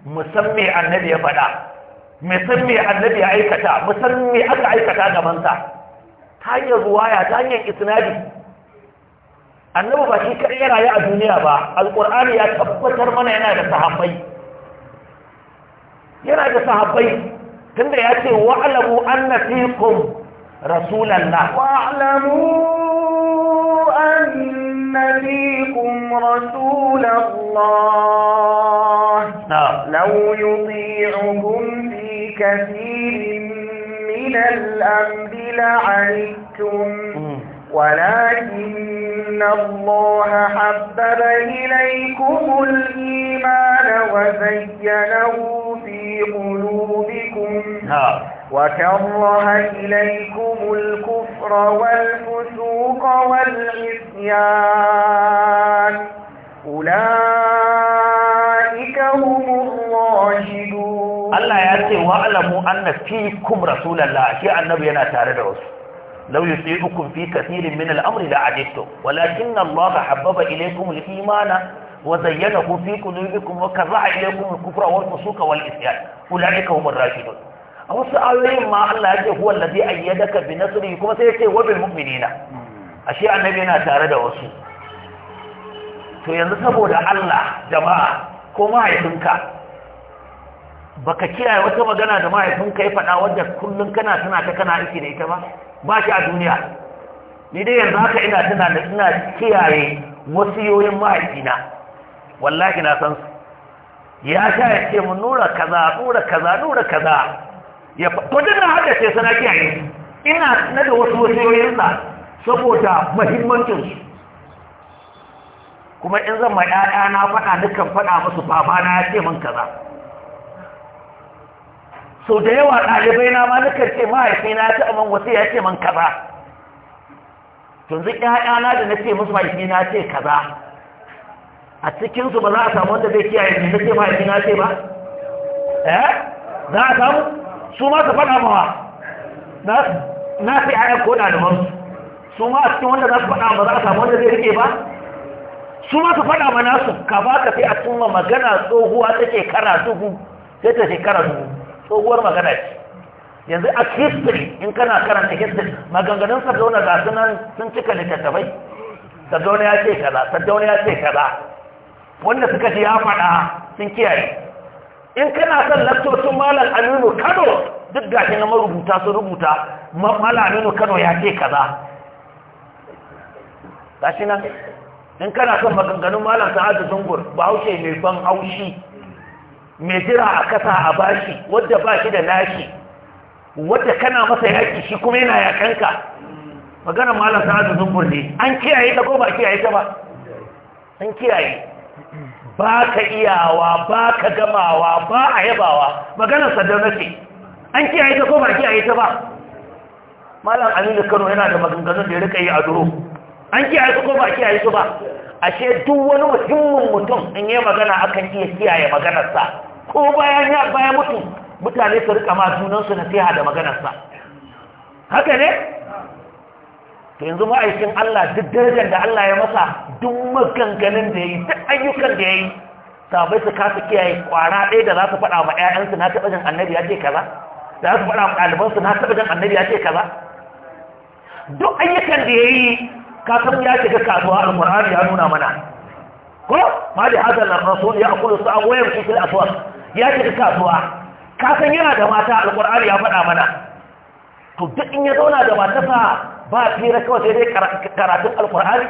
musamman annabi ya faɗa musamman annabi ya aikata musamman aka aikata gabansa ta hanyar ruwaya ta hanyar isnadi annabi ba shi kadai yana yi a duniya ba alƙur'ani ya tabbatar mana yana da sahabbai yana da sahabbai tunda ya ce wa'alamu anna fikum rasulallah wa'alamu anna fiikum rasulallah law yuti'ukum fi kathirin min al-amri la'antum ولكن الله حبب إليكم الإيمان وزينه في قلوبكم نعم. وكره إليكم الكفر والفسوق والعصيان أولئك هم الراشدون الله يأتي واعلموا أن فيكم رسول الله شيء النبي أنا تارد رسول لو يطيعكم في كثير من الأمر لعجبتم ولكن الله حبب إليكم الإيمان وزينه في قلوبكم وكره إليكم الكفر والفسوق والإسيان أولئك هم الراشدون أو سألهم ما الله يجي هو الذي أيدك بنصره كما سيكي وبالمؤمنين أشياء النبينا تارد وصول to yanzu saboda Allah jama'a ko mahaifinka baka kiyaye wata magana da mahaifinka ya faɗa wadda kullum kana tana ta kana aiki da ita ba ba shi a duniya ni dai yanzu haka ina tana da ina kiyaye wasu yoyin mahaifina wallahi na san su ya sha ya ce mu nura kaza nura kaza nura kaza ya to dana haka ce sana kiyaye ina na da wasu yoyin sa saboda muhimmancin su kuma in zan ma ƴaƴa na faɗa dukkan faɗa musu fafa na ya ce min kaza sau da yawa ɗalibai na ma nukar ce mahaifina ya taɓa man wasu ya ce man kaza yanzu ƴaƴana da na ce musu mahaifina ya ce kaza a cikinsu ba za a samu wanda zai kiyaye ne na ce mahaifina ya ce ba eh za a samu su ma su faɗa mawa na fi ƴaƴan ko ɗaliban su ma a cikin wanda za su faɗa ba za a samu wanda zai rike ba su ma su faɗa ma nasu ka ba ka sai a cimma magana tsohuwa ta kara dubu sai ta shekara dubu tsohuwar magana ce yanzu a history in kana karanta history maganganun sardauna ga sunan sun cika littattafai sardauna ya ce kaza sardauna ya ce kaza wanda suka ji ya faɗa sun kiyaye in kana son laktocin malam aminu kano duk shi na marubuta sun rubuta malam aminu kano ya ce kaza shi nan in kana son maganganun malam sa'adu zungur ba haushe mai ban haushi mai jira a kasa a bashi wadda ba shi da nashi wadda kana masa yaki shi kuma yana yakanka maganar malam sa'adu zumbur ne an kiyaye ta ko ba kiyaye ta ba an kiyaye ba ka iyawa ba ka gamawa ba a yabawa maganar sadar ce an kiyaye ta ko ba kiyaye ta ba malam aminu kano yana da maganganun da ya rika yi a duro an kiyaye su ko ba kiyaye su ba ashe duk wani muhimmin mutum in yi magana akan iya kiyaye maganarsa ko bayan ya bayan mutu mutane su rika ma junansu na fiha da maganarsa haka ne to yanzu ma'aikin Allah duk darajar da Allah ya masa duk maganganun da ya yi duk ayyukan da ya yi sabai su kasa kiyaye kwara ɗaya da za su faɗa ma ƴaƴansu na taɓa jin annabi ya ce kaza da za su faɗa ma ɗalibansu na taɓa jin annabi ya ce kaza duk ayyukan da ya yi san ya shiga kasuwa alƙur'ani ya nuna mana ko ma da hadal rasul ya akulu sa'a wa yamshi fil aswaq ya tafi kasuwa ka san yana da mata alƙur'ani ya faɗa mana to duk in ya zauna da matarsa ba fira kawai sai dai karatun alƙur'ani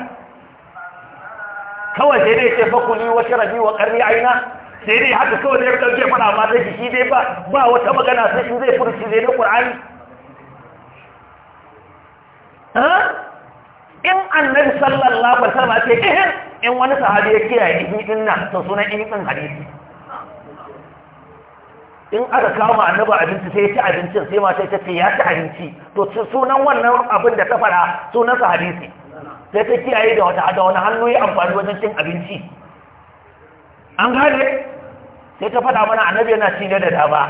kawai sai dai ce fakuli wa sharabi wa ƙarni aina sai dai haka kawai da ya ɗauke faɗa mata shi dai ba ba wata magana sai in zai furci zai na ƙur'ani in annabi sallallahu alaihi wasallam ce in wani sahabi ya kiyaye ihin nan to sunan ihin hadisi in aka kama annaba abinci sai ya ci abincin sai mata ta ce ya ci abinci to sunan wannan abin da ta fara sunansa hadisi sai ta kiyaye da wata da wani hannu ya amfani wajen cin abinci an gane sai ta faɗa mana annabi yana ci da dama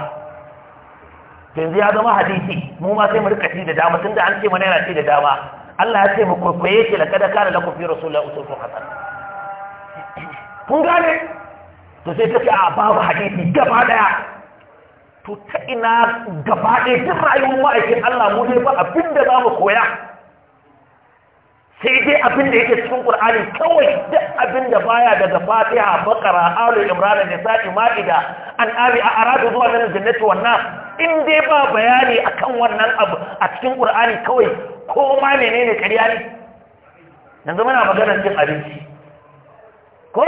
yanzu ya zama hadisi mu ma sai mu rika ci da dama tunda an ce mana yana ci da dama Allah ya ce mu kwaikwaye shi la kada kana lakum fi rasulillahi uswatun kun gane to sai ta ce a babu hadisi gaba daya to ta ina gaba ɗaya duk rayuwar ma'aikin Allah mu ne ba abin da za mu koya sai dai abin da yake cikin Qur'ani kawai duk abin da baya daga Fatiha Baqara Alu Imran Nisa'i Ma'ida An'ami a aradu zuwa nan jannati wannan in dai ba bayani akan wannan abu a cikin Qur'ani kawai ko ma menene ƙarya ne yanzu muna maganar cin abinci ko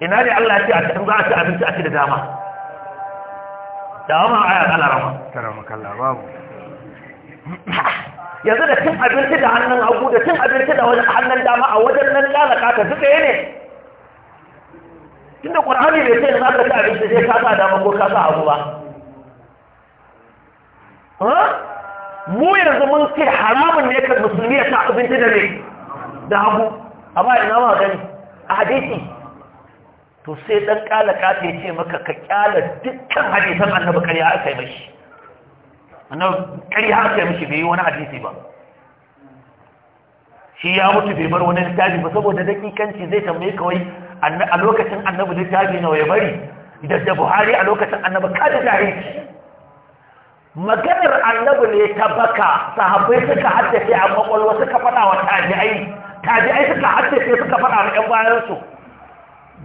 ina ne Allah ya ce a cikin za a ci abinci a ci da dama da aya babu *coughs* yanzu da cin abinci da hannun abu da cin abinci da wajen hannun dama a wajen nan lalaka ta duka ya ne tunda ƙwararri bai sai na za ci abinci sai ka sa dama ko ka sa abu ba mu yanzu mun ce haramun ne kan musulmi ya sa abinci da ne da hagu amma ina ma gani a hadisi to sai dan kala kata ya ce maka ka kyala dukkan hadisan annabi ƙarya aka yi mishi annabi ƙarya aka yi mashi bai yi wani hadisi ba shi ya mutu bai bar wani littafi ba saboda dakikanci zai tambaye kawai a lokacin annabi littafi nawa ya bari da da buhari a lokacin annabi kada jahilci maganar annabi ne ta baka sahabbai suka haddace a kwakwalwa suka faɗa wa tabi'ai tabi'ai suka haddace suka faɗa wa 'yan bayansu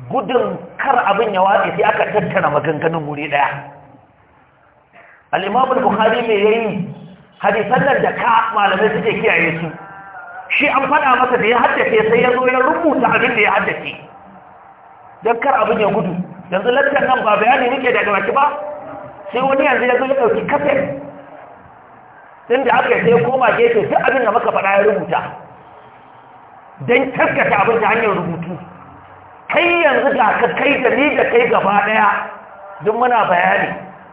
gudun kar abin ya watsi sai aka tattara maganganun wuri ɗaya. al'imamul buhari mai yayi hadisan nan da ka malamai suke kiyaye su shi an faɗa masa da ya haddace sai ya zo ya rubuta abin da ya haddace don kar abin ya gudu yanzu lantar nan ba bayani nake daga baki ba sai wani yanzu ya zo ya ɗauki kafe din da aka sai koma gefe duk abin da maka faɗa ya rubuta don taskata abin ta hanyar rubutu kai yanzu ga ka kai da ni da kai gaba daya duk muna bayani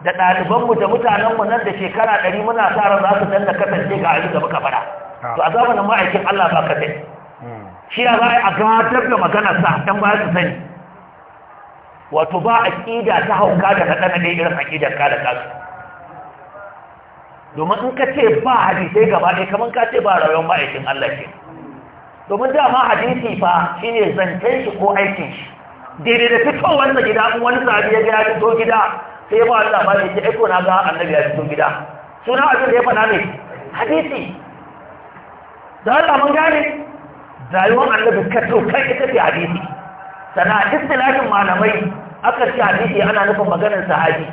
da ɗalibanmu da mutanenmu nan da shekara ɗari muna sa ran za su danna kasance ga ayyuka da muka faɗa ah. to a zamanin ma'aikin Allah ba ka sani hmm. shi ya za a gabatar da magana sa dan ba su sani wato ba aqida ta hauka da kada na dai irin aqidar ka da kasu domin in ka ce ba hadisai gaba ɗaya kamar ka ce ba rayuwar ma'aikin Allah kenan domin dama hadisi fa shine zancen shi ko aikin shi daidai da fitowar da gida in wani sahabi ya gaya fito gida sai ya ba a ba ne aiko na ga annabi ya fito gida suna abin da ya fana ne hadisi da Allah mun gane rayuwar annabi kato kai ita ce hadisi sana istilahin malamai aka ce hadisi ana nufin maganar sahabi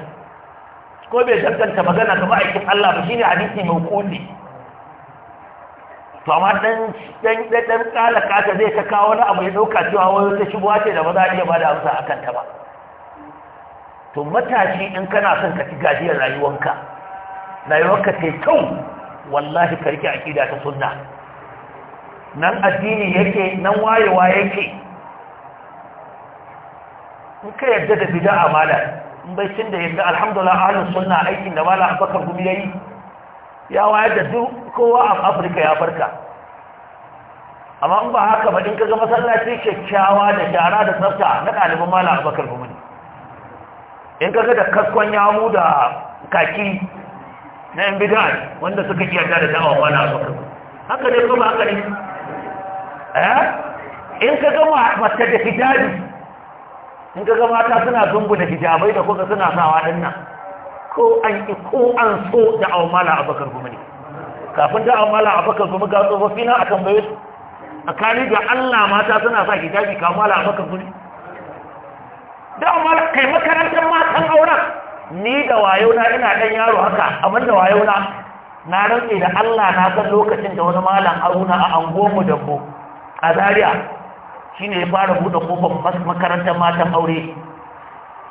ko bai shakkanta magana ga ma'aikin Allah ba shine hadisi mai kulli to amma dan dan dan ta zai ta kawo wani abu ya dauka cewa wani ta shigowa ce da ba za a iya bada amsa akan ta ba to matashi in kana son ka ci gajiyar rayuwanka rayuwarka ta kyau wallahi ka rike aqida ta sunna nan addini yake nan wayewa yake in ka yarda da bid'a mala in bai cin da yarda alhamdulillah ahlus sunna aikin da mala abakar gumi yayi ya wayar da duk kowa a afirka ya farka amma in ba haka ba in kaga masallaci kyakkyawa da gyara da tsafta na ɗaliban malam abakar gumi ne in kaga da kaskon yamu da kaki na yan bidan wanda suka kiyarta da da'awa malam abakar haka ne kuma haka ne eh in kaga mata da hijabi in kaga mata suna zumbu da hijabai da kuka suna sawa dinnan ko an yi ko an so da a Bakar gumi ne kafin da a Bakar gumi ga tsofaffi na akan A akali da Allah mata suna sa hijabi a Bakar gumi da awmala kai makarantar matan auren ni da wayo na ina dan yaro haka amma da wayo na na rantse da Allah na san lokacin da wani malam Haruna a angonmu da ko a Zaria shine ya fara buɗe kofar makarantar matan aure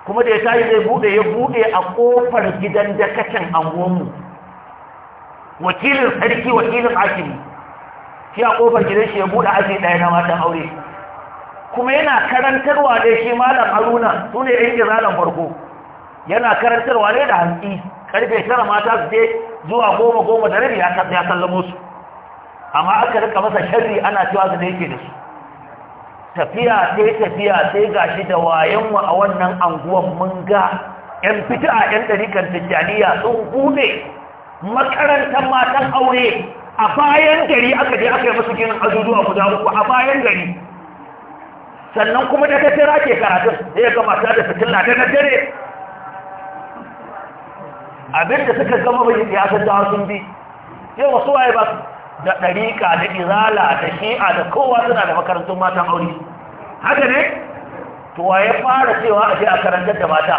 kuma da ya tashi zai bude ya bude a kofar gidan dakatan anguwanmu wakilin sarki wakilin akimi shi a kofar gidan shi ya bude aji ɗaya na matan aure kuma yana karantarwa da shi malam haruna su ne yan kiralan farko yana karantarwa ne da hanki karfe tara mata su je zuwa goma goma da rabi ya sallamo su amma aka rika masa sharri ana cewa su da yake da su tafiya sai tafiya sai shi da wayanmu a wannan anguwan mun ga ‘yan fita a ‘yan ɗarikan tijjaniya sun buɗe makarantar matan aure a bayan gari aka je aka yi masu ginin azuzuwa guda uku a bayan gari sannan kuma da ta tira ke karatun da ya gama ta da fitilla ta dare abinda suka gama bai yi ya san da sun bi yau wasu waye ba da ɗariƙa da izala da shi'a da kowa suna da makarantun matan aure haka ne to wa ya fara cewa a je a karantar da mata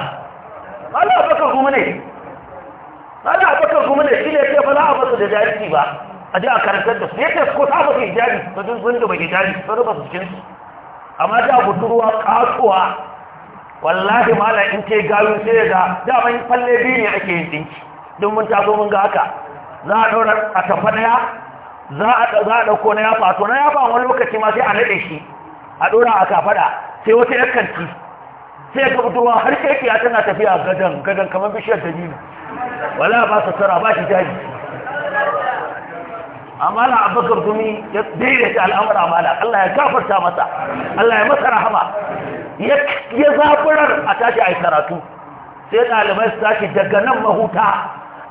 mala abakar kuma ne mala abakar kuma ne shi ne ce fa za a basu da jariki ba a je a karantar da su yadda ko ta basu hijabi ta jin sun da bai hijabi sun rufa su cikin su amma da budurwa kasuwa wallahi mala in ce gayu sai ya ga daman falle biyu ne ake yin dinki don mun taso mun ga haka za a ɗaura a tafa ɗaya za a ɗauko na yafa to na yafa wani lokaci ma sai a naɗe shi a ɗora a kafaɗa sai wata yakanci sai ka fitowa har sai ya tana tafiya gadan gadan kamar bishiyar dalilu wala ba su tara ba shi jari amma na abubakar gumi ya daidaita al'amura mala Allah ya gafarta masa Allah ya masa rahama ya zafirar a tashi a yi karatu sai ɗalibai su tashi daga nan mahuta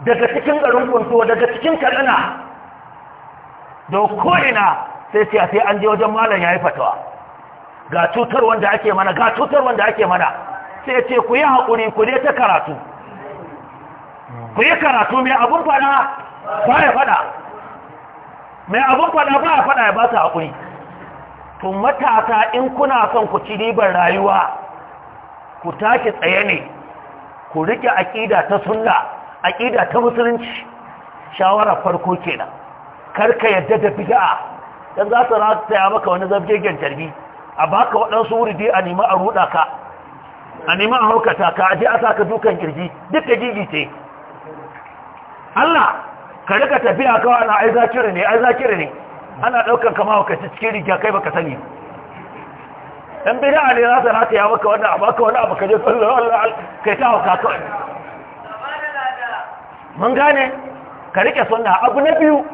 daga cikin garin kwanto daga cikin kaɗana da ko'ina sai siya sai an je wajen malam ya yi fatawa ga cutar wanda ake mana ga cutar wanda ake mana sai ce ku yi haƙuri ku ne ta karatu ku yi karatu mai abin fada ba ya fada mai abin fada ba ya fada ya ba ta haƙuri tun matasa in kuna son ku ci ribar rayuwa ku tashi tsaye ne ku riƙe aƙida ta sunna aƙida ta musulunci shawarar farko kenan karka yadda da bid'a dan za ta ya maka wani zabgegen tarbi a baka waɗansu wuridi a nemi a ruɗa ka a nemi a haukata ka aje a saka dukan kirji duk da ce. Allah ka rika tafiya kawai na ai zakiri ne ai zakiri ne ana ɗaukar kama wa ci cikin rigya kai baka sani ɗan bid'a ne za ta ya maka wani a wani abu ka je sallallahu alaihi kai ta hauka kawai mun gane ka rike sunna abu na biyu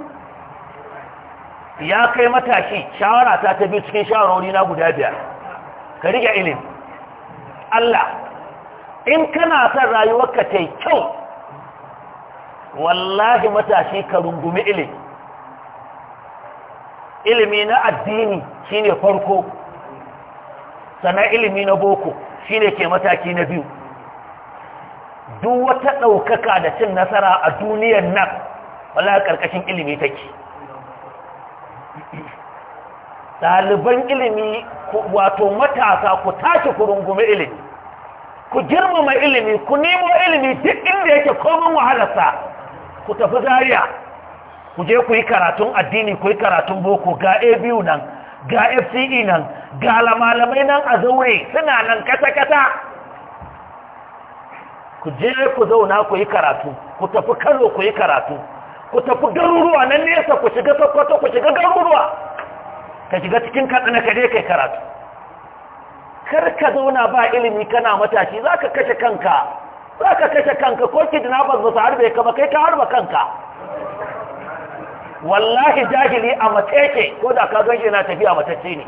ya kai matashi shawara ta ta biyu cikin shawarori na guda biyar ka riƙe ilim Allah in kana son rayuwarka ta yi kyau wallahi matashi ka rungumi ilim ilimi na addini shine farko sannan ilimi na boko shine ke mataki na biyu duk wata ɗaukaka da cin nasara a duniyar nan wallahi ƙarƙashin ilimi take ɗaliban ilimi wato matasa ku tashi ku rungumi ilimi ku girmama ilimi ku nemo ilimi duk inda yake komin wahalarsa ku tafi zariya ku je ku yi karatun addini ku yi karatun boko ga abu nan ga fce nan ga malamai nan a zaure suna nan kata-kata ku je ku zauna ku yi karatu ku tafi kano ku yi karatu ku tafi garuruwa nan nesa ku shiga sokoto ku shiga garuruwa ka shiga cikin katsina ka je kai karatu kar ka zauna ba ilimi kana matashi za ka kashe kanka za ka kashe kanka ko ki dina ba su harbe ka kai ka harba kanka wallahi jahili a mateke ko da ka ganshi na tafiya matacce ne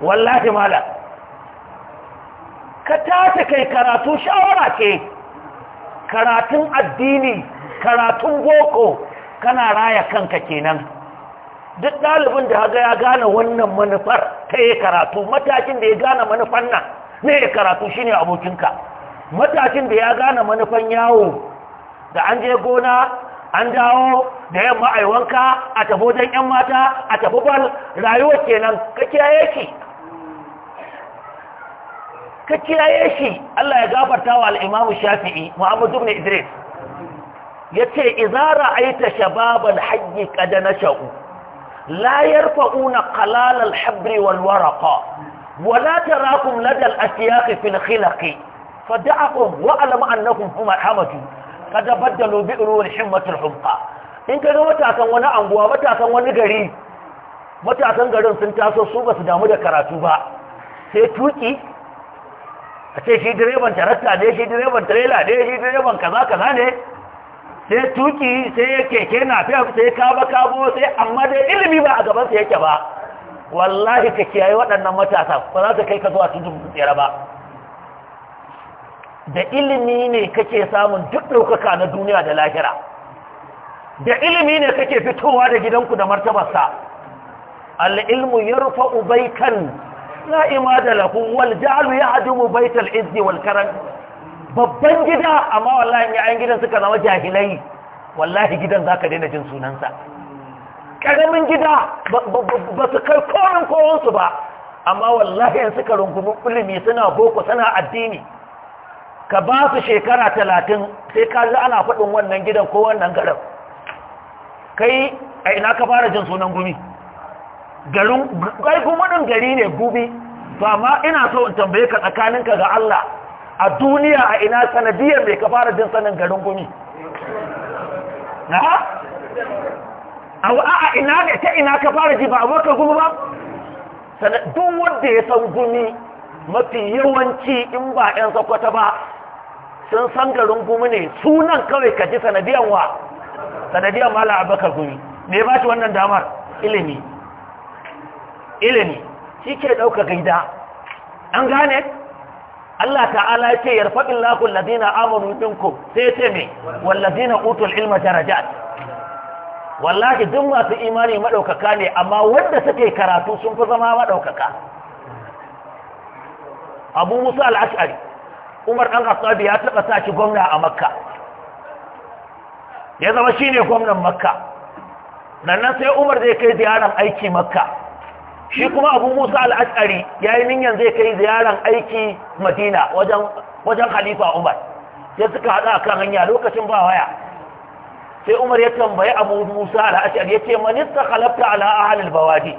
wallahi mala ka tace kai karatu shawara ke. karatun addini karatun boko kana raya kanka kenan duk ɗalibin da haga ya gane wannan manufar ta yi karatu matakin da ya gane manufan nan ne ya karatu shi ne abokinka matakin da ya gane manufan yawo da an je gona an dawo da yamma aiwanka a tafi wajen 'yan mata a tafi bal rayuwa kenan ka kiyaye ki. ka kiyaye shi Allah ya gafarta wa al Shafi'i Muhammadu ibn Idris yace idza ra'aita shababal hayy qad nasha'u la yarfa'una qalal al-habri wal wala ta rakun ladal asyaq fi al-khilaqi fad'aqum wa alam annakum hum hamatu qad baddalu bi'ru al-himmatul humqa in ga matakan wani anguwa matakan wani gari matakan garin sun taso su ba su damu da karatu ba sai tuki a ce shi direban tarakta ne shi direban trela ne shi direban kaza kaza ne sai tuki sai keke na fiya sai kaba kabo sai amma dai ilimi ba a gabansa yake ba wallahi ka kiyaye waɗannan matasa ba za ka kai ka zuwa tudun tsere ba da ilimi ne kake samun duk ɗaukaka na duniya da lahira da ilimi ne kake fitowa da gidanku da martabarsa al'ilmu ya rufe ubaikan. ima da lahu wal ja'lu mu baital izzi wal karam babban gida amma wallahi ya gidan suka zama jahilai wallahi gidan zaka daina jin sunansa karamin gida ba su kai korin kowansu ba amma wallahi yan suka rungumi ilimi suna boko suna addini ka ba su shekara talatin sai ka ji ana faɗin wannan gidan ko wannan garin kai a ina ka fara jin sunan gumi garin ƙarfin waɗin gari ne gubi to amma ina so in tambaye ka tsakaninka ga Allah a duniya a ina sanadiyar mai ka fara jin sanin garin gumi a ina ne ta ina ka fara ji ba a maka gumi ba sanadin wanda ya san gumi mafi yawanci in ba 'yan sakwata ba sun san garin gumi ne sunan kawai ka ji sanadiyan wa sanadiyan mala abaka gumi me ba shi wannan damar ilimi ilimi shi ke ɗaukaka gida an gane Allah ta'ala ya ce yarfaɗin lakun ladina amonu ɗinku sai ce mai wallazina utul ilma darajat wallahi duk masu imani maɗaukaka ne amma wanda suke karatu sun fi zama maɗaukaka abu musa al'ashari umar ɗan asabi ya taɓa sa shi gwamna a makka ya zama shi ne gwamnan makka nan sai umar zai kai ziyarar aiki makka shi kuma abu musa al'ashari ya yi niyyar zai kai ziyaran aiki madina wajen halifa umar ya suka haɗa kan hanya lokacin ba waya sai umar ya tambayi abu musa al'ashari ya ce manista halatta ala bawadi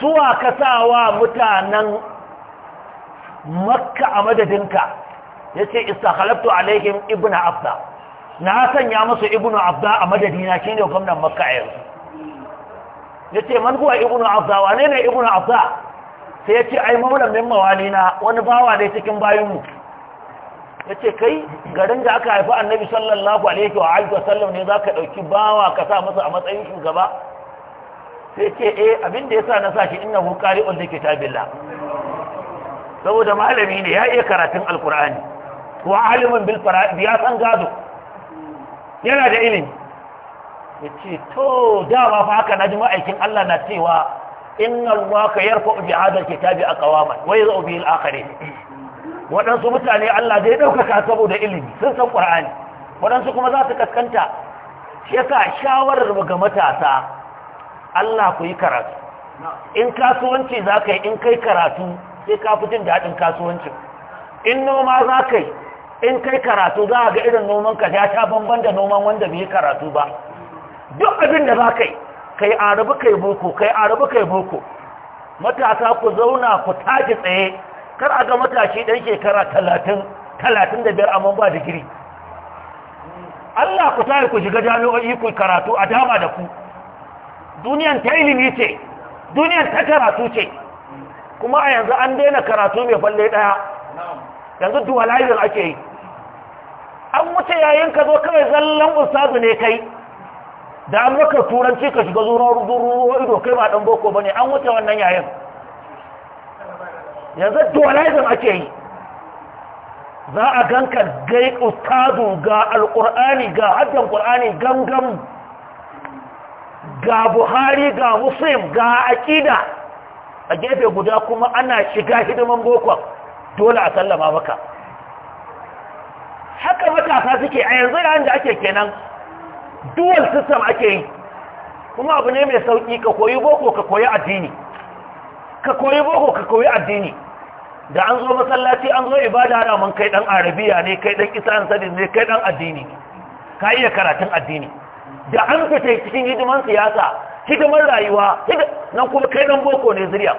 suwa ka wa mutanen makka a madadinka ya ce istakhalabtu alaihim ibnu abda na sanya musu ibnu abda a madadina shine gwamnan makka a yanzu yace man huwa ibnu afza wane ne ibnu afza sai yace ai maulan min na wani bawa ne cikin bayin mu yace kai garin da aka haifi annabi sallallahu alaihi wa alihi wasallam ne zaka dauki bawa ka sa masa a matsayin shugaba sai ce eh abin da yasa na sa shi innahu qari'un li kitabillah saboda malami ne ya iya karatun alqur'ani wa alimun bil fara'id ya san gado yana da ilimi ya ce to dama fa haka na ji ma'aikin Allah na cewa inna Allah ka yarfa bi hadal kitabi aqwaman wa yaz'u bi al-akhirin waɗansu mutane Allah zai ɗaukaka saboda ilimi sun san Qur'ani waɗansu kuma za su kaskanta shi yasa shawarar ga matasa Allah ku yi karatu in kasuwanci za ka yi in kai karatu sai ka fi jin daɗin kasuwancin in noma za ka yi in kai karatu za a ga irin noman ka ya ta banban da noman wanda bai karatu ba duk abin da za kai, yi ka yi arabu ka yi boko ka yi arabu ka yi boko matasa ku zauna ku taji tsaye kar a ga matashi ɗan shekara talatin talatin da biyar amma ba digiri Allah ku tashi ku shiga jami'o'i ku karatu a dama da ku duniyan ta ilimi ce duniyan ta karatu ce kuma a yanzu an daina karatu mai falle ɗaya yanzu duwalayin ake yi an wuce yayin ka zo kawai zallan ustazu ne kai da an maka turanci ka shiga zuwa ruwa ido kai ba dan boko bane an wuce wannan yayin yanzu dualizm ake yi za a ganka gai ustazu ga alkur'ani ga haddan qur'ani gangan ga buhari ga muslim ga aqida a gefe guda kuma ana shiga hidiman boko dole a sallama maka haka matasa suke a yanzu yayin da ake kenan dual system ake yi kuma abu ne mai sauƙi, ka koyi boko ka koyi addini ka koyi boko ka koyi addini da an zo masallaci an zo ibada da man kai dan arabiya ne kai dan isan sadin ne kai dan addini ka iya karatun addini da an fita cikin hidiman siyasa hidiman rayuwa nan kuma kai ɗan boko ne zuriya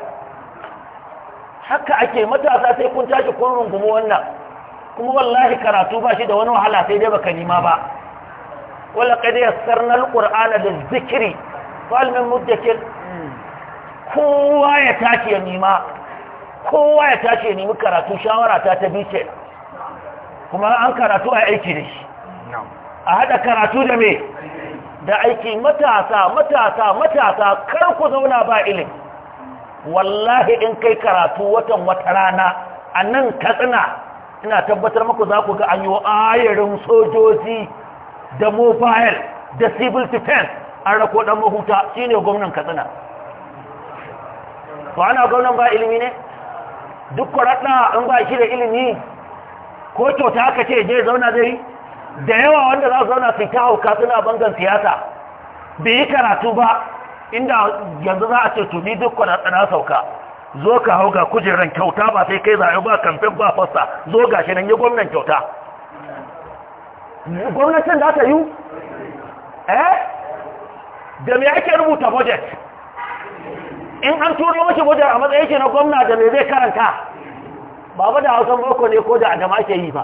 haka ake matasa sai kun tashi kun rungumi wannan kuma wallahi karatu ba shi da wani wahala sai dai baka nima ba wala kada yassarna alqur'ana da zikiri fal min muddakir kowa ya tashi ya nima kowa ya tashi ya nemi karatu shawara ta ta bice kuma an karatu a aiki da shi a hada karatu da me da aiki matasa matasa matasa kar ku zauna ba ilim wallahi in kai karatu watan wata rana a nan katsina ina tabbatar maku za ku ga an yi ayarin sojoji da mobile da civil defense an rako dan mahuta shine gwamnan katsina to ana gwamnan ba ilimi ne duk kwaratna an ba shi da ilimi ko kyauta aka ce je zauna zai da yawa wanda za su zauna su ta hauka suna bangan siyasa bai yi karatu ba inda yanzu za a ce tuni duk na sauka zo ka hau ga kujeran kyauta ba sai kai zaɓe ba kamfen ba fasta zo gashi nan yi gwamnan kyauta gwamnatin za ta yi eh da me ake rubuta budget in an turo mashi budget a matsayin shi na gwamna da me zai karanta ba da hausan boko ne ko da adama ke yi ba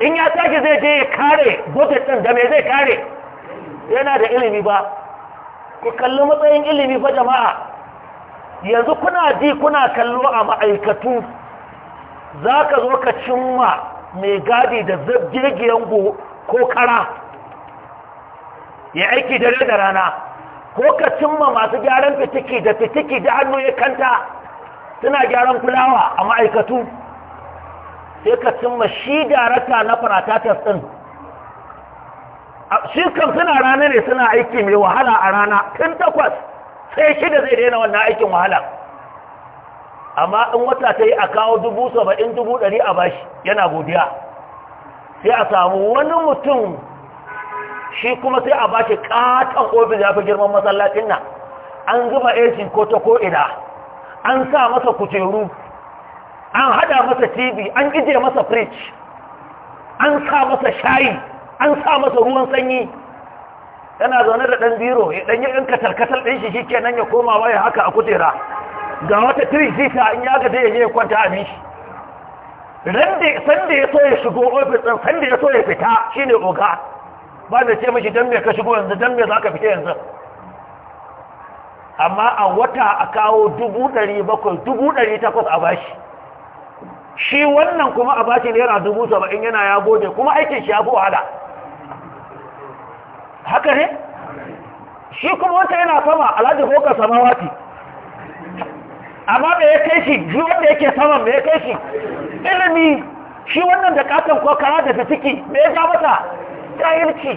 in ya tashi zai je ya kare budget din da me zai kare yana da ilimi ba ku kalli matsayin ilimi ba jama'a yanzu kuna ji kuna kallo a ma'aikatu za ka zo ka cimma mai gadi da go ko kara ya aiki dare da rana ko ka cimma masu gyaran fitiki da fitiki da hannu ya kanta suna gyaran kulawa a ma'aikatu sai ka cimma shi darata na faratatas ɗin shi kan suna rana ne suna aiki mai wahala a rana tun takwas sai shida zai daina wannan aikin wahala amma in wata ta yi a kawo dubu saba'in dubu ɗari a bashi yana godiya sai a samu wani mutum shi kuma sai a bashi katon ofis ya fi girman masallacin nan an zuba ac ko ta ko'ina an sa masa kujeru an hada masa tv an ije masa fridge an sa masa shayi an sa masa ruwan sanyi yana zaune da ɗan biro ya ɗanyi ɗan katarkatar ɗin shi shi nan ya komawa ya haka a kujera ga wata tirijita in ya gaje ya je ya kwanta a mishi sanda ya so ya shigo ofis ɗin sanda ya so ya fita shi ne oga ba da ce mashi don me ka shigo yanzu don me za ka fita yanzu amma a wata a kawo dubu ɗari bakwai dubu ɗari takwas a bashi shi wannan kuma a bashi naira dubu saba'in yana ya gode kuma aikin shi ya fi wahala haka ne shi kuma wata yana sama alhaji hokar samawati amma me ya kai shi ji wanda yake saman me ya kai shi ilimi shi wannan da katon kokara da fitiki me ya ja mata jahilci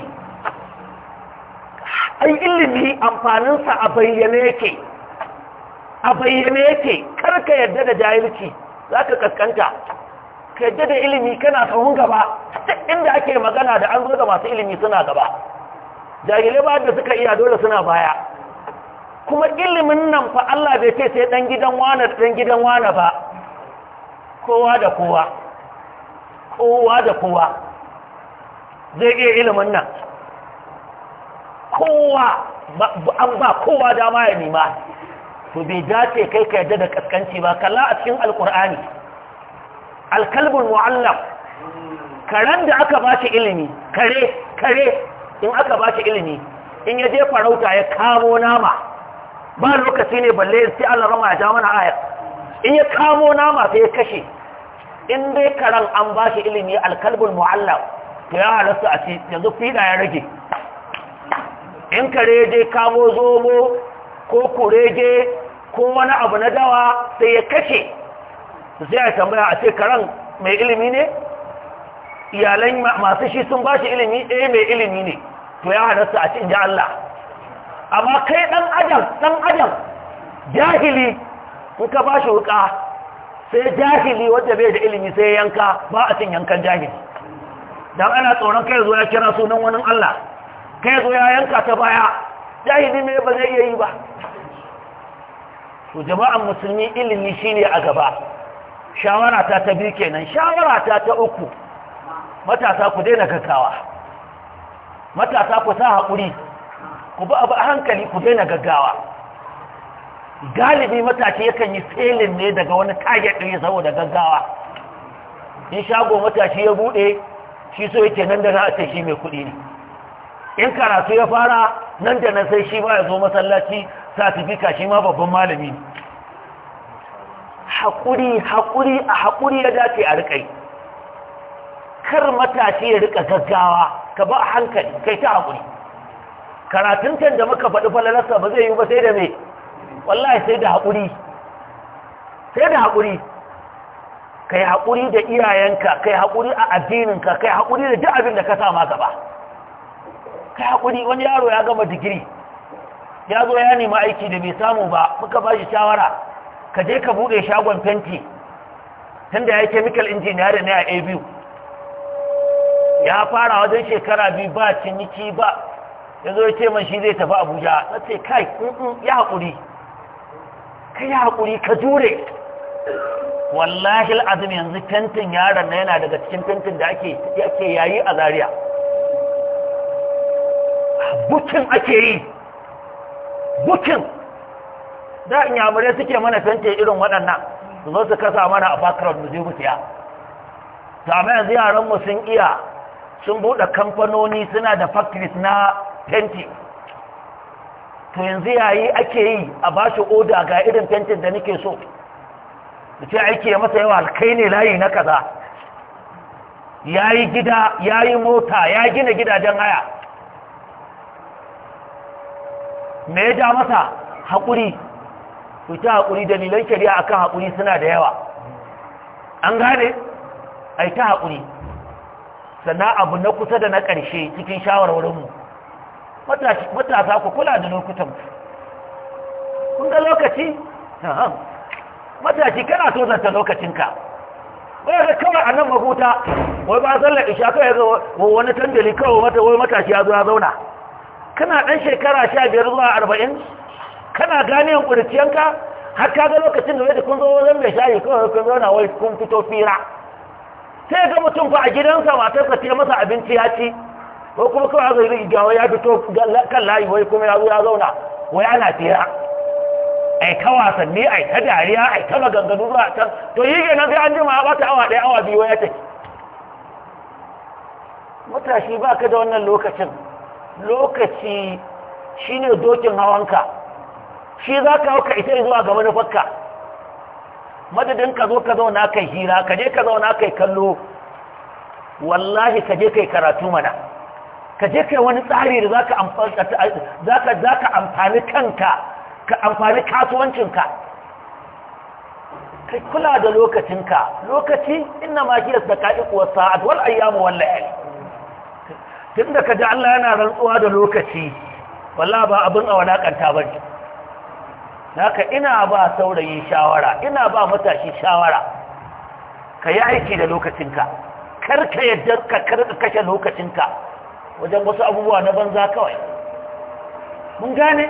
ai ilimi amfaninsa a bayyane yake a bayyane yake karka yadda da jahilci za ka kaskanta ka yadda da ilimi kana sahun gaba inda ake magana da an zo da masu ilimi suna gaba jahilai ba da suka iya dole suna baya kuma ilimin nan fa Allah bai ce sai dan gidan wane dan gidan wane ba kowa da kowa kowa da kowa zai iya ilimin nan kowa an ba kowa dama ya nima to bai dace kai ka yadda da kaskanci ba kalla a cikin alkur'ani alkalbin mu'allam karen da aka ba shi ilimi kare kare in aka ba shi ilimi in ya je farauta ya kamo nama ba lokaci ne balle sai Allah rama ya ja mana aya in ya kamo nama sai ya kashe in dai karan an ba shi ilimi alkalbul mu'alla to ya halasta a ci yanzu fida ya rage in kare dai kamo zobo, ko kurege ko wani abu na dawa sai ya kashe sai ya tambaya a ce karan mai ilimi ne iyalan masu shi sun ba shi ilimi eh mai ilimi ne to ya halasta a ci in ji Allah amma kai ɗan adam ɗan adam jahili in ka ba shi wuka sai jahili wanda bai da ilimi sai yanka ba a cin yankan jahili dan ana tsoron kai zo ya kira sunan wani Allah kai zo ya yanka ta baya jahili me ba zai iya yi ba su jama'an musulmi ilimi shi ne a gaba shawara ta ta biyu kenan shawara ta ta uku matasa ku daina kakawa, matasa ku sa haƙuri ku ba abu a hankali ku daina gaggawa galibi matashi yakan yi selin ne daga wani target ɗaya saboda gaggawa in shago matashi ya buɗe shi so yake nan da na a shi mai kuɗi ne in karatu ya fara nan da nan sai shi ba ya zo masallaci satifika shi ma babban malami ne haƙuri haƙuri a haƙuri ya dace a riƙai kar matashi ya riƙa gaggawa ka ba a hankali kai ta haƙuri karatun can da muka faɗi falalarsa ba zai yi ba sai da me wallahi sai da haƙuri sai da haƙuri kai haƙuri da iyayenka kai haƙuri a addininka kai haƙuri da duk abin da ka sama gaba kai haƙuri wani yaro ya gama digiri ya zo ya nemi aiki da bai samu ba muka ba shi shawara ka je ka buɗe shagon fenti tunda ya yi chemical engineering na a ya fara wajen shekara biyu ba ciniki ba ya zo ya ce man shi zai tafi abuja na ce kai ya haƙuri ka yi haƙuri ka jure wallahi al'adun yanzu fentin yaron na yana daga cikin fentin da ake yayi a zariya bukin ake yi bukin da inyamurai suke mana fentin irin waɗannan su zo su kasa mana a bakarar mu zai mutiya ta yanzu sun iya sun buɗe kamfanoni suna da factories na fenti to yanzu yayi ake yi a bashi oda ga irin fentin da nake so da ce aiki ya masa yawa kai ne layi na kaza ya yi gida ya yi mota ya gina gidajen haya me ya ja masa haƙuri fita haƙuri dalilan shari'a akan haƙuri suna da yawa an gane ai ta haƙuri sannan abu na kusa da na ƙarshe cikin shawarwarinmu matasa ku kula da lokutan kun ga lokaci matashi kana so zanta lokacinka wai ga kawai a nan mahuta wai ba zalla isha kawai zo wani tandali kawai mata wai matashi ya zo ya zauna kana ɗan shekara sha biyar zuwa arba'in kana gane yin ƙuriciyanka har ka ga lokacin da wai kun zo wajen mai shayi kawai kun zauna wai kun fito fira sai ga mutum fa a gidansa matarsa ce masa abinci ya ci ko kuma kawai zai yi gawa ya fito kan layi wai kuma ya zo ya zauna wai ana tera ai ta wasanni ai ta dariya ai ta maganganu ba ta to yi ga nan sai an jima ba ta awa ɗaya awa biyu ya ce matashi ba ka da wannan lokacin lokaci shi ne dokin hawanka shi za ka hau ka ita zuwa ga manufarka madadin ka zo ka zauna kai hira ka je ka zauna kai kallo wallahi ka je kai karatu mana ka je kai wani tsari da za ka amfani kanka ka amfani kasuwancinka kai kula da lokacinka lokaci inna ma hiya daqa'iq wa sa'at wal ayyam wal layl tunda kaji Allah yana rantsuwa da lokaci wallahi ba abin a wadakanta ne. haka ina ba saurayi shawara ina ba matashi shawara ka yi aiki da lokacinka kar ka yadda ka karka kashe lokacinka wajen wasu abubuwa na banza kawai mun gane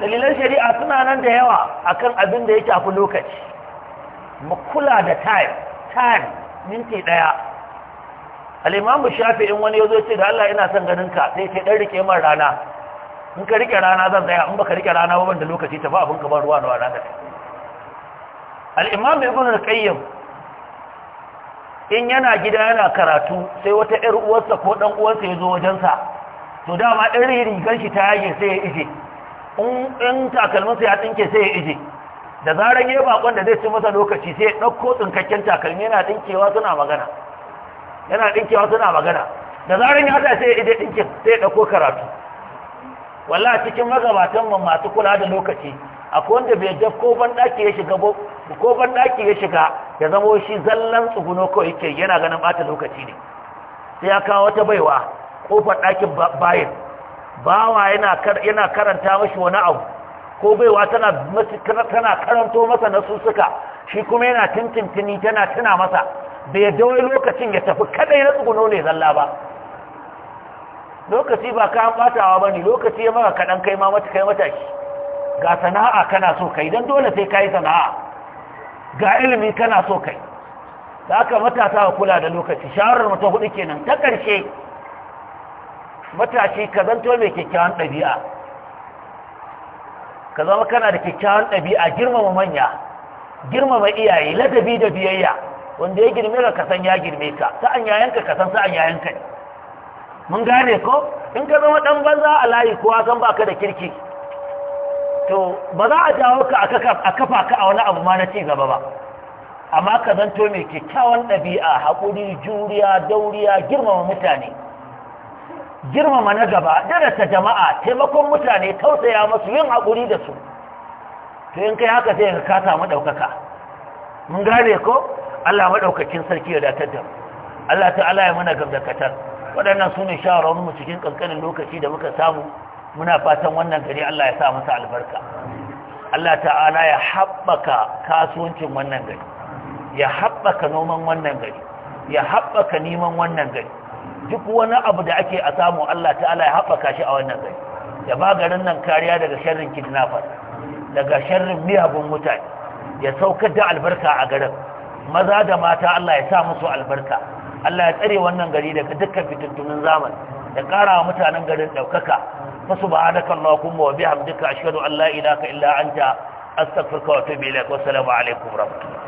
dalilan shari'a suna nan da yawa akan abin da ya shafi lokaci mu da time time minti daya al'imam imam shafi in wani ya zo ce da Allah ina son ganin ka sai ke dan rike min rana in ka rike rana zan tsaya in baka rike rana ba ban da lokaci tafi abin ka ban ruwa da rana al ibn al-qayyim in yana gida yana karatu sai wata ‘yar uwarsa ko ɗan uwarsa ya zo wajensa to dama ɗan rigar shi ta yage sai ya ije in takalminsa ya ɗinke, sai ya ije da zarar ya bakon da zai ci masa lokaci sai ya ɗauko tsinkakken takalmi yana ɗinkewa suna magana yana ɗinkewa suna magana da zarar ya haɗa sai ya ije ɗinkin sai ya ɗauko karatu walla cikin magabatan mu masu kula da lokaci akwai wanda bai ga ko ban daki ya shiga ko ban daki ya shiga ya zama shi zallan tsuguno kawai yake yana ganin bata lokaci ne sai ya kawo wata baiwa kofar dakin bayin bawa yana yana karanta mashi wani abu ko baiwa tana tana karanto masa na suka shi kuma yana tintintini tana tana masa bai da wani lokacin ya tafi kadai na tsuguno ne zalla ba lokaci ba ka an batawa bane lokaci ya maka kadan kai ma mata kai mata shi ga sana'a kana so kai don dole sai ka yi sana'a ga ilimi kana so kai da aka matasa wa kula da lokaci shawarar mutum hudu kenan ta ƙarshe matashi ka zanto mai kyakkyawan ɗabi'a ka zama kana da kyakkyawan ɗabi'a girmama manya girmama iyaye ladabi da biyayya wanda ya girme ka kasan ya girme ka sa'an yayanka kasan sa'an yayanka mun gane ko in ka zama ɗan banza a layi kowa san baka da kirki to ba za a jawo ka a kafa ka a wani abu ma na ci gaba ba amma ka zanto mai kyakkyawan ɗabi'a haƙuri juriya dauriya girmama mutane girmama na gaba darata jama'a taimakon mutane tausaya masu yin haƙuri da su to in kai haka sai ka samu ɗaukaka mun gane ko Allah maɗaukakin sarki ya datar da Allah ta'ala ya mana gamdakatar waɗannan su ne mu cikin ƙanƙanin lokaci da muka samu muna fatan wannan gari Allah ya sa masa albarka Allah ta'ala ya haɓaka kasuwancin wannan gari ya haɓɓaka noman wannan gari ya haɓɓaka neman wannan gari duk wani abu da ake a samu Allah ta'ala ya haɓɓaka shi a wannan gari ya ba garin nan kariya daga sharrin kidnapper daga sharrin miyagun mutane ya saukar da albarka a garin maza da mata Allah ya sa musu albarka Allah ya tsare wannan gari daga dukkan fitattunin zamani da kara wa mutanen garin ɗaukaka fa subhanaka allahumma wa bihamdika ashhadu an la ilaha illa anta astaghfiruka wa atubu ilaik wa assalamu alaikum warahmatullahi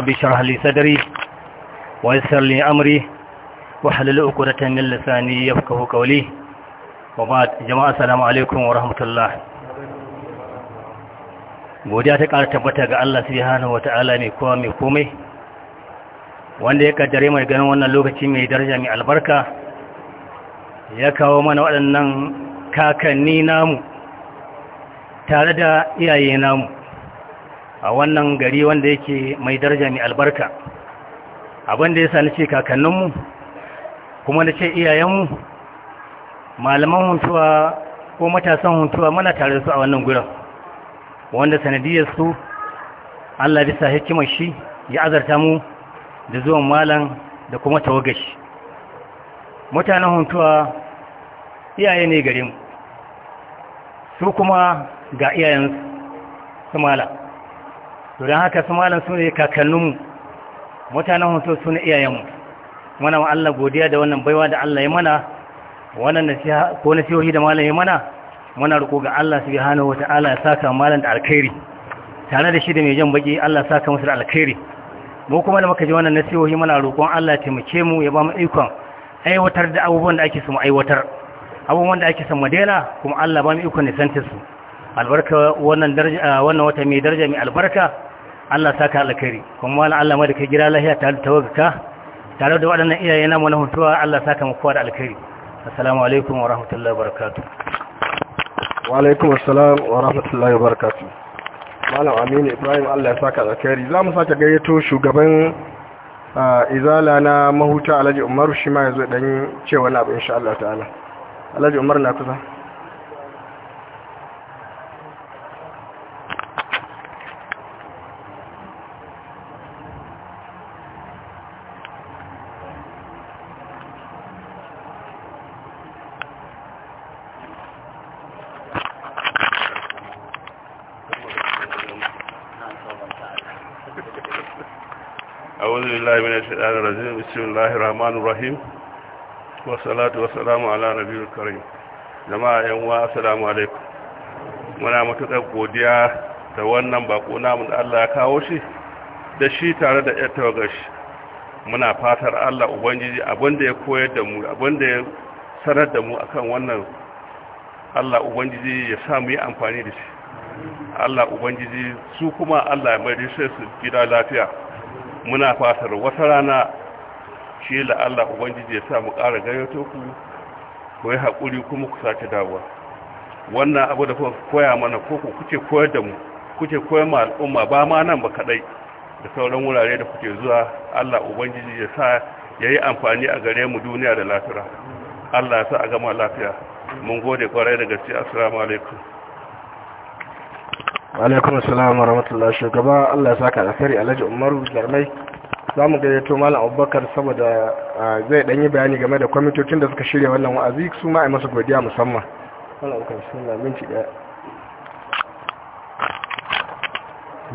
رب اشرح لي صدري ويسر لي أمري واحلل عقدة من لساني يفقه قولي وبعد جماعة السلام عليكم ورحمة الله godiya ta ƙara tabbata ga Allah subhanahu wata'ala mai kowa mai komai wanda ya kaddare mai ganin wannan lokaci mai daraja mai albarka ya kawo mana waɗannan kakanni namu tare da iyaye namu a wannan gari wanda yake mai daraja mai albarka abin da ya sani ce kakanninmu kuma na ce iyayenmu malaman hutuwa ko matasan hutuwa muna tare da su a wannan gurin wanda sanadiyar su Allah bisa hikimar shi ya azarta mu da zuwan malam da kuma tawagashi mutanen hutuwa iyaye ne gare mu su kuma ga iyayensu su malam to don haka su malam su ne kakanninmu mutanen hoto su ne iyayenmu mana wa Allah godiya da wannan baiwa da Allah ya mana wannan nasiha ko nasihohi da malam ya mana muna riko ga Allah subhanahu wata'ala ya saka malam da alkhairi tare da shi da mai jan baki Allah saka musu da alkhairi mu kuma da muka ji wannan nasihohi muna roƙon Allah ya taimake mu ya ba mu ikon aiwatar da abubuwan da ake so mu aiwatar abubuwan da ake so mu daina kuma Allah ba mu ikon santa su albarka wannan daraja wannan wata mai daraja mai albarka Allah saka alkhairi kuma wala Allah ma da kai gida lafiya ta tawakkaka tare da waɗannan iyaye na mu na hutuwa Allah saka mu kowa da alkhairi assalamu alaikum wa rahmatullahi wa barakatuh wa alaikum assalam wa rahmatullahi wa barakatuh malam aminu ibrahim Allah ya saka alkhairi za mu sake gayyato shugaban izala na mahuta alhaji umaru shi ma yazo dan cewa na abu insha Allah ta'ala alhaji umar na kusa الشيطان الرجيم بسم الله الرحمن الرحيم والصلاة والسلام على نبي الكريم جماعة ينوى السلام عليكم muna matuƙar godiya da wannan bako namun da Allah ya kawo shi da shi tare da ‘yar tawagash muna fatar Allah Ubangiji abinda ya koyar da mu abinda ya sanar da mu akan wannan Allah Ubangiji ya sa mu yi amfani da shi Allah Ubangiji su kuma Allah ya mai su gida lafiya muna fatar wata rana shi la'alla ubangiji ya sa mu ƙara gayyato ku ku yi haƙuri kuma ku sake dawowa wannan abu da kuka koya mana ko ku kuke koyar da mu kuke koyar ma al'umma ba ma nan ba kaɗai da sauran wurare da kuke zuwa Allah ubangiji ya sa ya yi amfani a gare mu duniya da lafiya Allah ya sa a gama lafiya mun gode kwarai da gaske assalamu alaikum alaikum salam wa rahmatullah shugaba Allah ya saka alkhairi Alhaji Umaru Jarmai za mu gayyato Malam Abubakar saboda zai danyi bayani game da kwamitocin da suka shirya wannan wa'azi su ma a masa godiya musamman Malam Abubakar na minti daya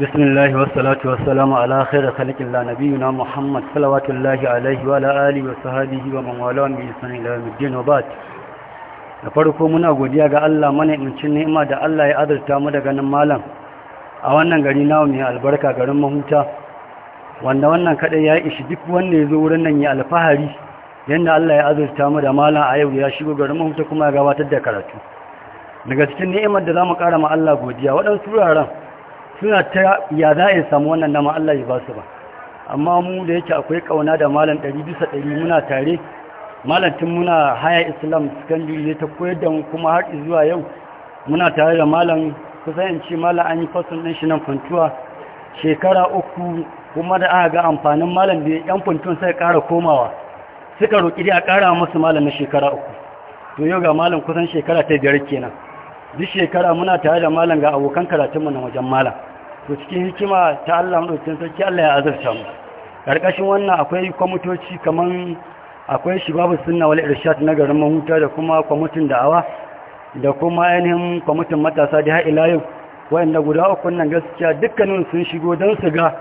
Bismillahi wassalatu wassalamu ala khairu lanabi na Muhammad sallallahu alaihi wa ala alihi wa sahbihi wa man wala bi ihsan ila yawmiddin wa ba'd da farko muna godiya ga Allah manaimancin ni'ima da Allah ya azurta mu daga nan malam a wannan gari nawa mai albarka garin mahuta wanda wannan kadai ya ishi duk wanda ya zo wurin nan ya alfahari yadda Allah ya azurta mu da malam a yau ya shigo garin mahuta kuma ya gabatar da karatu daga cikin ni'imar da zamu kara ma Allah godiya waɗansu wuraren suna ta ya za a samu wannan nama Allah ya ba su ba amma mu da yake akwai kauna da malam ɗari bisa ɗari muna tare malatin muna haya islam secondary ne ta koyar da mu kuma har zuwa yau muna tare da malam kusan malam an yi fasin ɗin shi nan kwantuwa shekara uku kuma da aka ga amfanin malam da yan kwantuwan sai ƙara komawa suka roƙi da a ƙara musu malam na shekara uku to yau ga malam kusan shekara ta biyar kenan duk shekara muna tare da malam ga abokan karatunmu na wajen malam to cikin hikima ta Allah mu ɗauki sarki Allah ya azurta mu ƙarƙashin wannan akwai kwamitoci kamar akwai shi babu suna wale irshad na garin mahuta da kuma kwamitin da'awa da kuma ainihin kwamitin matasa da ha'ila yau wayanda guda uku nan gaskiya dukkanin sun shigo don su ga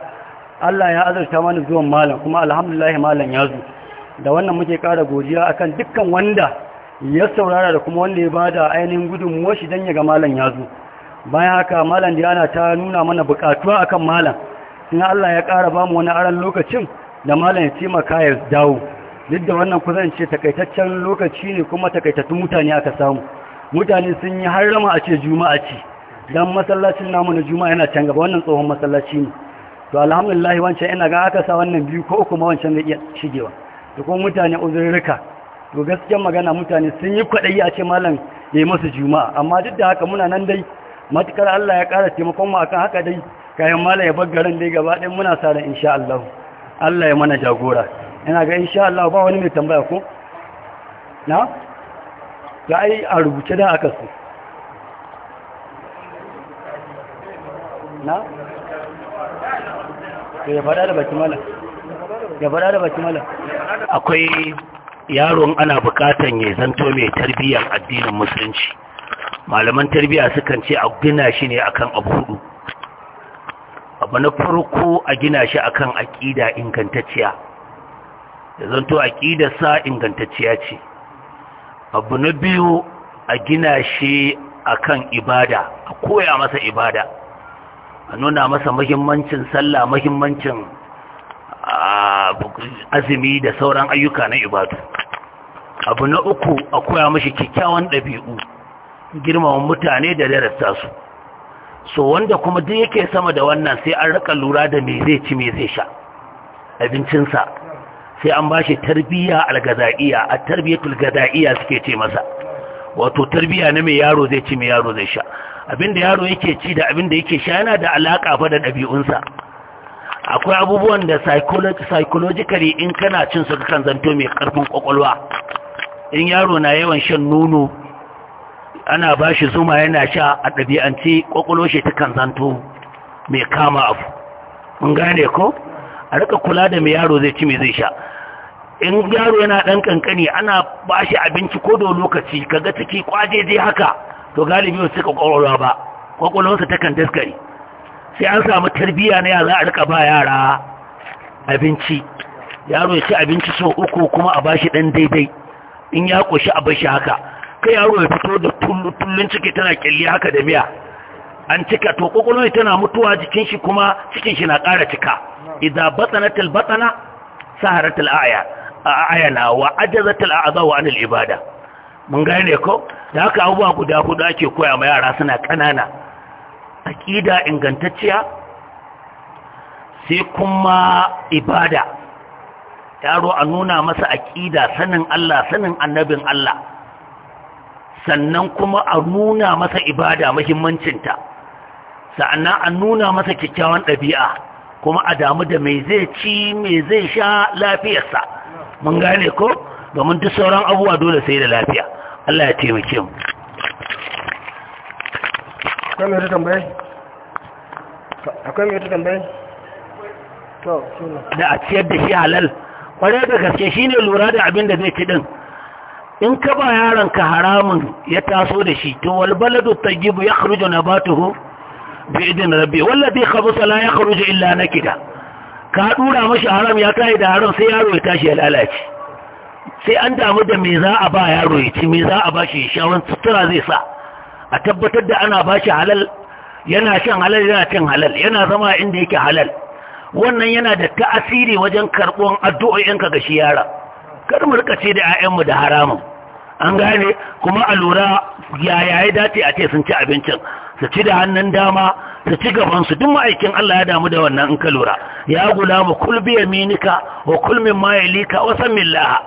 Allah ya azurta wani zuwan malam kuma alhamdulillah malam ya zo da wannan muke kara godiya akan dukkan wanda ya saurara da kuma wanda ya ba da ainihin gudunmuwar shi don ya ga malam ya zo bayan haka malam yana ta nuna mana bukatuwa akan malam in Allah ya kara bamu wani aran lokacin da malam ya taimaka ya dawo duk da wannan kusan ce takaitaccen lokaci ne kuma takaitattun mutane aka samu mutane sun yi harama a ce juma'a ce don masallacin namu na juma'a yana can gaba wannan tsohon masallaci ne to alhamdulillah wancan ina ga aka sa wannan biyu ko kuma wancan zai iya shigewa da kuma mutane uzurrika to gaskiyar magana mutane sun yi kwaɗayi a ce malam ya yi masu juma'a amma duk da haka muna nan dai matukar Allah ya ƙara taimakon mu akan haka dai kayan malam ya bar garin dai gaba ɗaya muna sa ran insha Allah Allah ya mana jagora ina ga insha Allah ba wani mai tambaya ko na ga ai a rubuce da aka so na ya faɗa da baki mala ya faɗa da baki mala akwai yaron ana bukatan ya zanto mai tarbiyyar addinin musulunci malaman tarbiyya sukan ce a gina shi ne akan abu hudu abu na farko a gina shi akan aƙida ingantacciya ya zanto sa ingantacciya ce abu na biyu a gina shi a kan ibada a koya masa ibada a nuna masa mahimmancin sallah mahimmancin azumi da sauran ayyuka na ibadu abu na uku a koya mashi kyakkyawan ɗabi'u girmama mutane da darasta su so wanda kuma duk yake sama da wannan sai an rika lura da me zai ci me zai sha abincinsa sai an ba shi tarbiya algaza'iya a tarbiyatul gaza'iya suke ce masa wato tarbiya na mai yaro zai ci mai yaro zai sha abinda yaro yake ci da abinda yake sha yana da alaka fa da ɗabi'unsa akwai abubuwan da psychologically in kana cin su kan zanto mai karfin kwakwalwa in yaro na yawan shan nono ana ba shi zuma yana sha a ɗabi'ance kwakwalwa shi ta kan zanto mai kama abu mun gane ko a rika kula da mai yaro zai ci mai zai sha in yaro yana ɗan kankani ana ba shi abinci ko da lokaci kaga ciki kwaje dai haka to galibi ba ka kwakwalwa ba kwakwalwarsa ta kan daskare. sai an samu tarbiyya na yara a rika ba yara abinci yaro ya ci abinci sau uku kuma a bashi ɗan daidai in ya ƙoshi a bashi haka kai yaro ya fito da tullun ciki tana ƙyalli haka da miya an cika to kwakwalwar tana mutuwa jikin shi kuma cikin shi na ƙara cika idan batsanatil batsana saharatul aya ayana wa ajazatul a'za wa anil ibada mun gane ko da haka Hauwa guda hudu ake koya ma yara suna kanana aqida ingantacciya sai kuma ibada yaro a nuna masa aqida sanin Allah sanin annabin Allah sannan kuma a nuna masa ibada muhimmancinta sa'annan a nuna masa kyakkyawan ɗabi'a kuma a damu da me zai ci me zai sha lafiyarsa mun gane ko domin duk sauran abubuwa dole sai da lafiya Allah ya taimake mu akwai mai tambaye akwai mai tambaye to da a ciyar da shi halal kware da gaske shine lura da abin da zai ci din in ka ba yaron ka haramun ya taso da shi to wal baladu tajibu yakhruju nabatuhu bi idin rabbi wallazi khabasa la yakhruju illa nakida ka dura mashi haram ya tashi da haram sai yaro ya tashi ya lalace sai an damu da me za a ba yaro ya ci me za a ba shi shawan sutura zai sa a tabbatar da ana bashi shi halal yana shan halal yana cin halal yana zama inda yake halal wannan yana da ta'asiri wajen karɓon addu'o'inka ga shi yara kar mu rika ce da 'ya'yanmu da haramun an gane kuma a lura yaya ya dace a ce sun ci abincin su ci da hannun dama su ci gaban su duk ma'aikin Allah ya damu da wannan in ka lura ya mu kul bi minika wa kul min ma wa sammin laha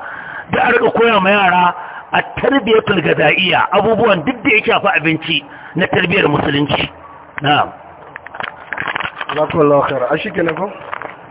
da a rika koya ma yara a tarbiyatul gadaiya abubuwan duk da ya shafi abinci na tarbiyar musulunci na'am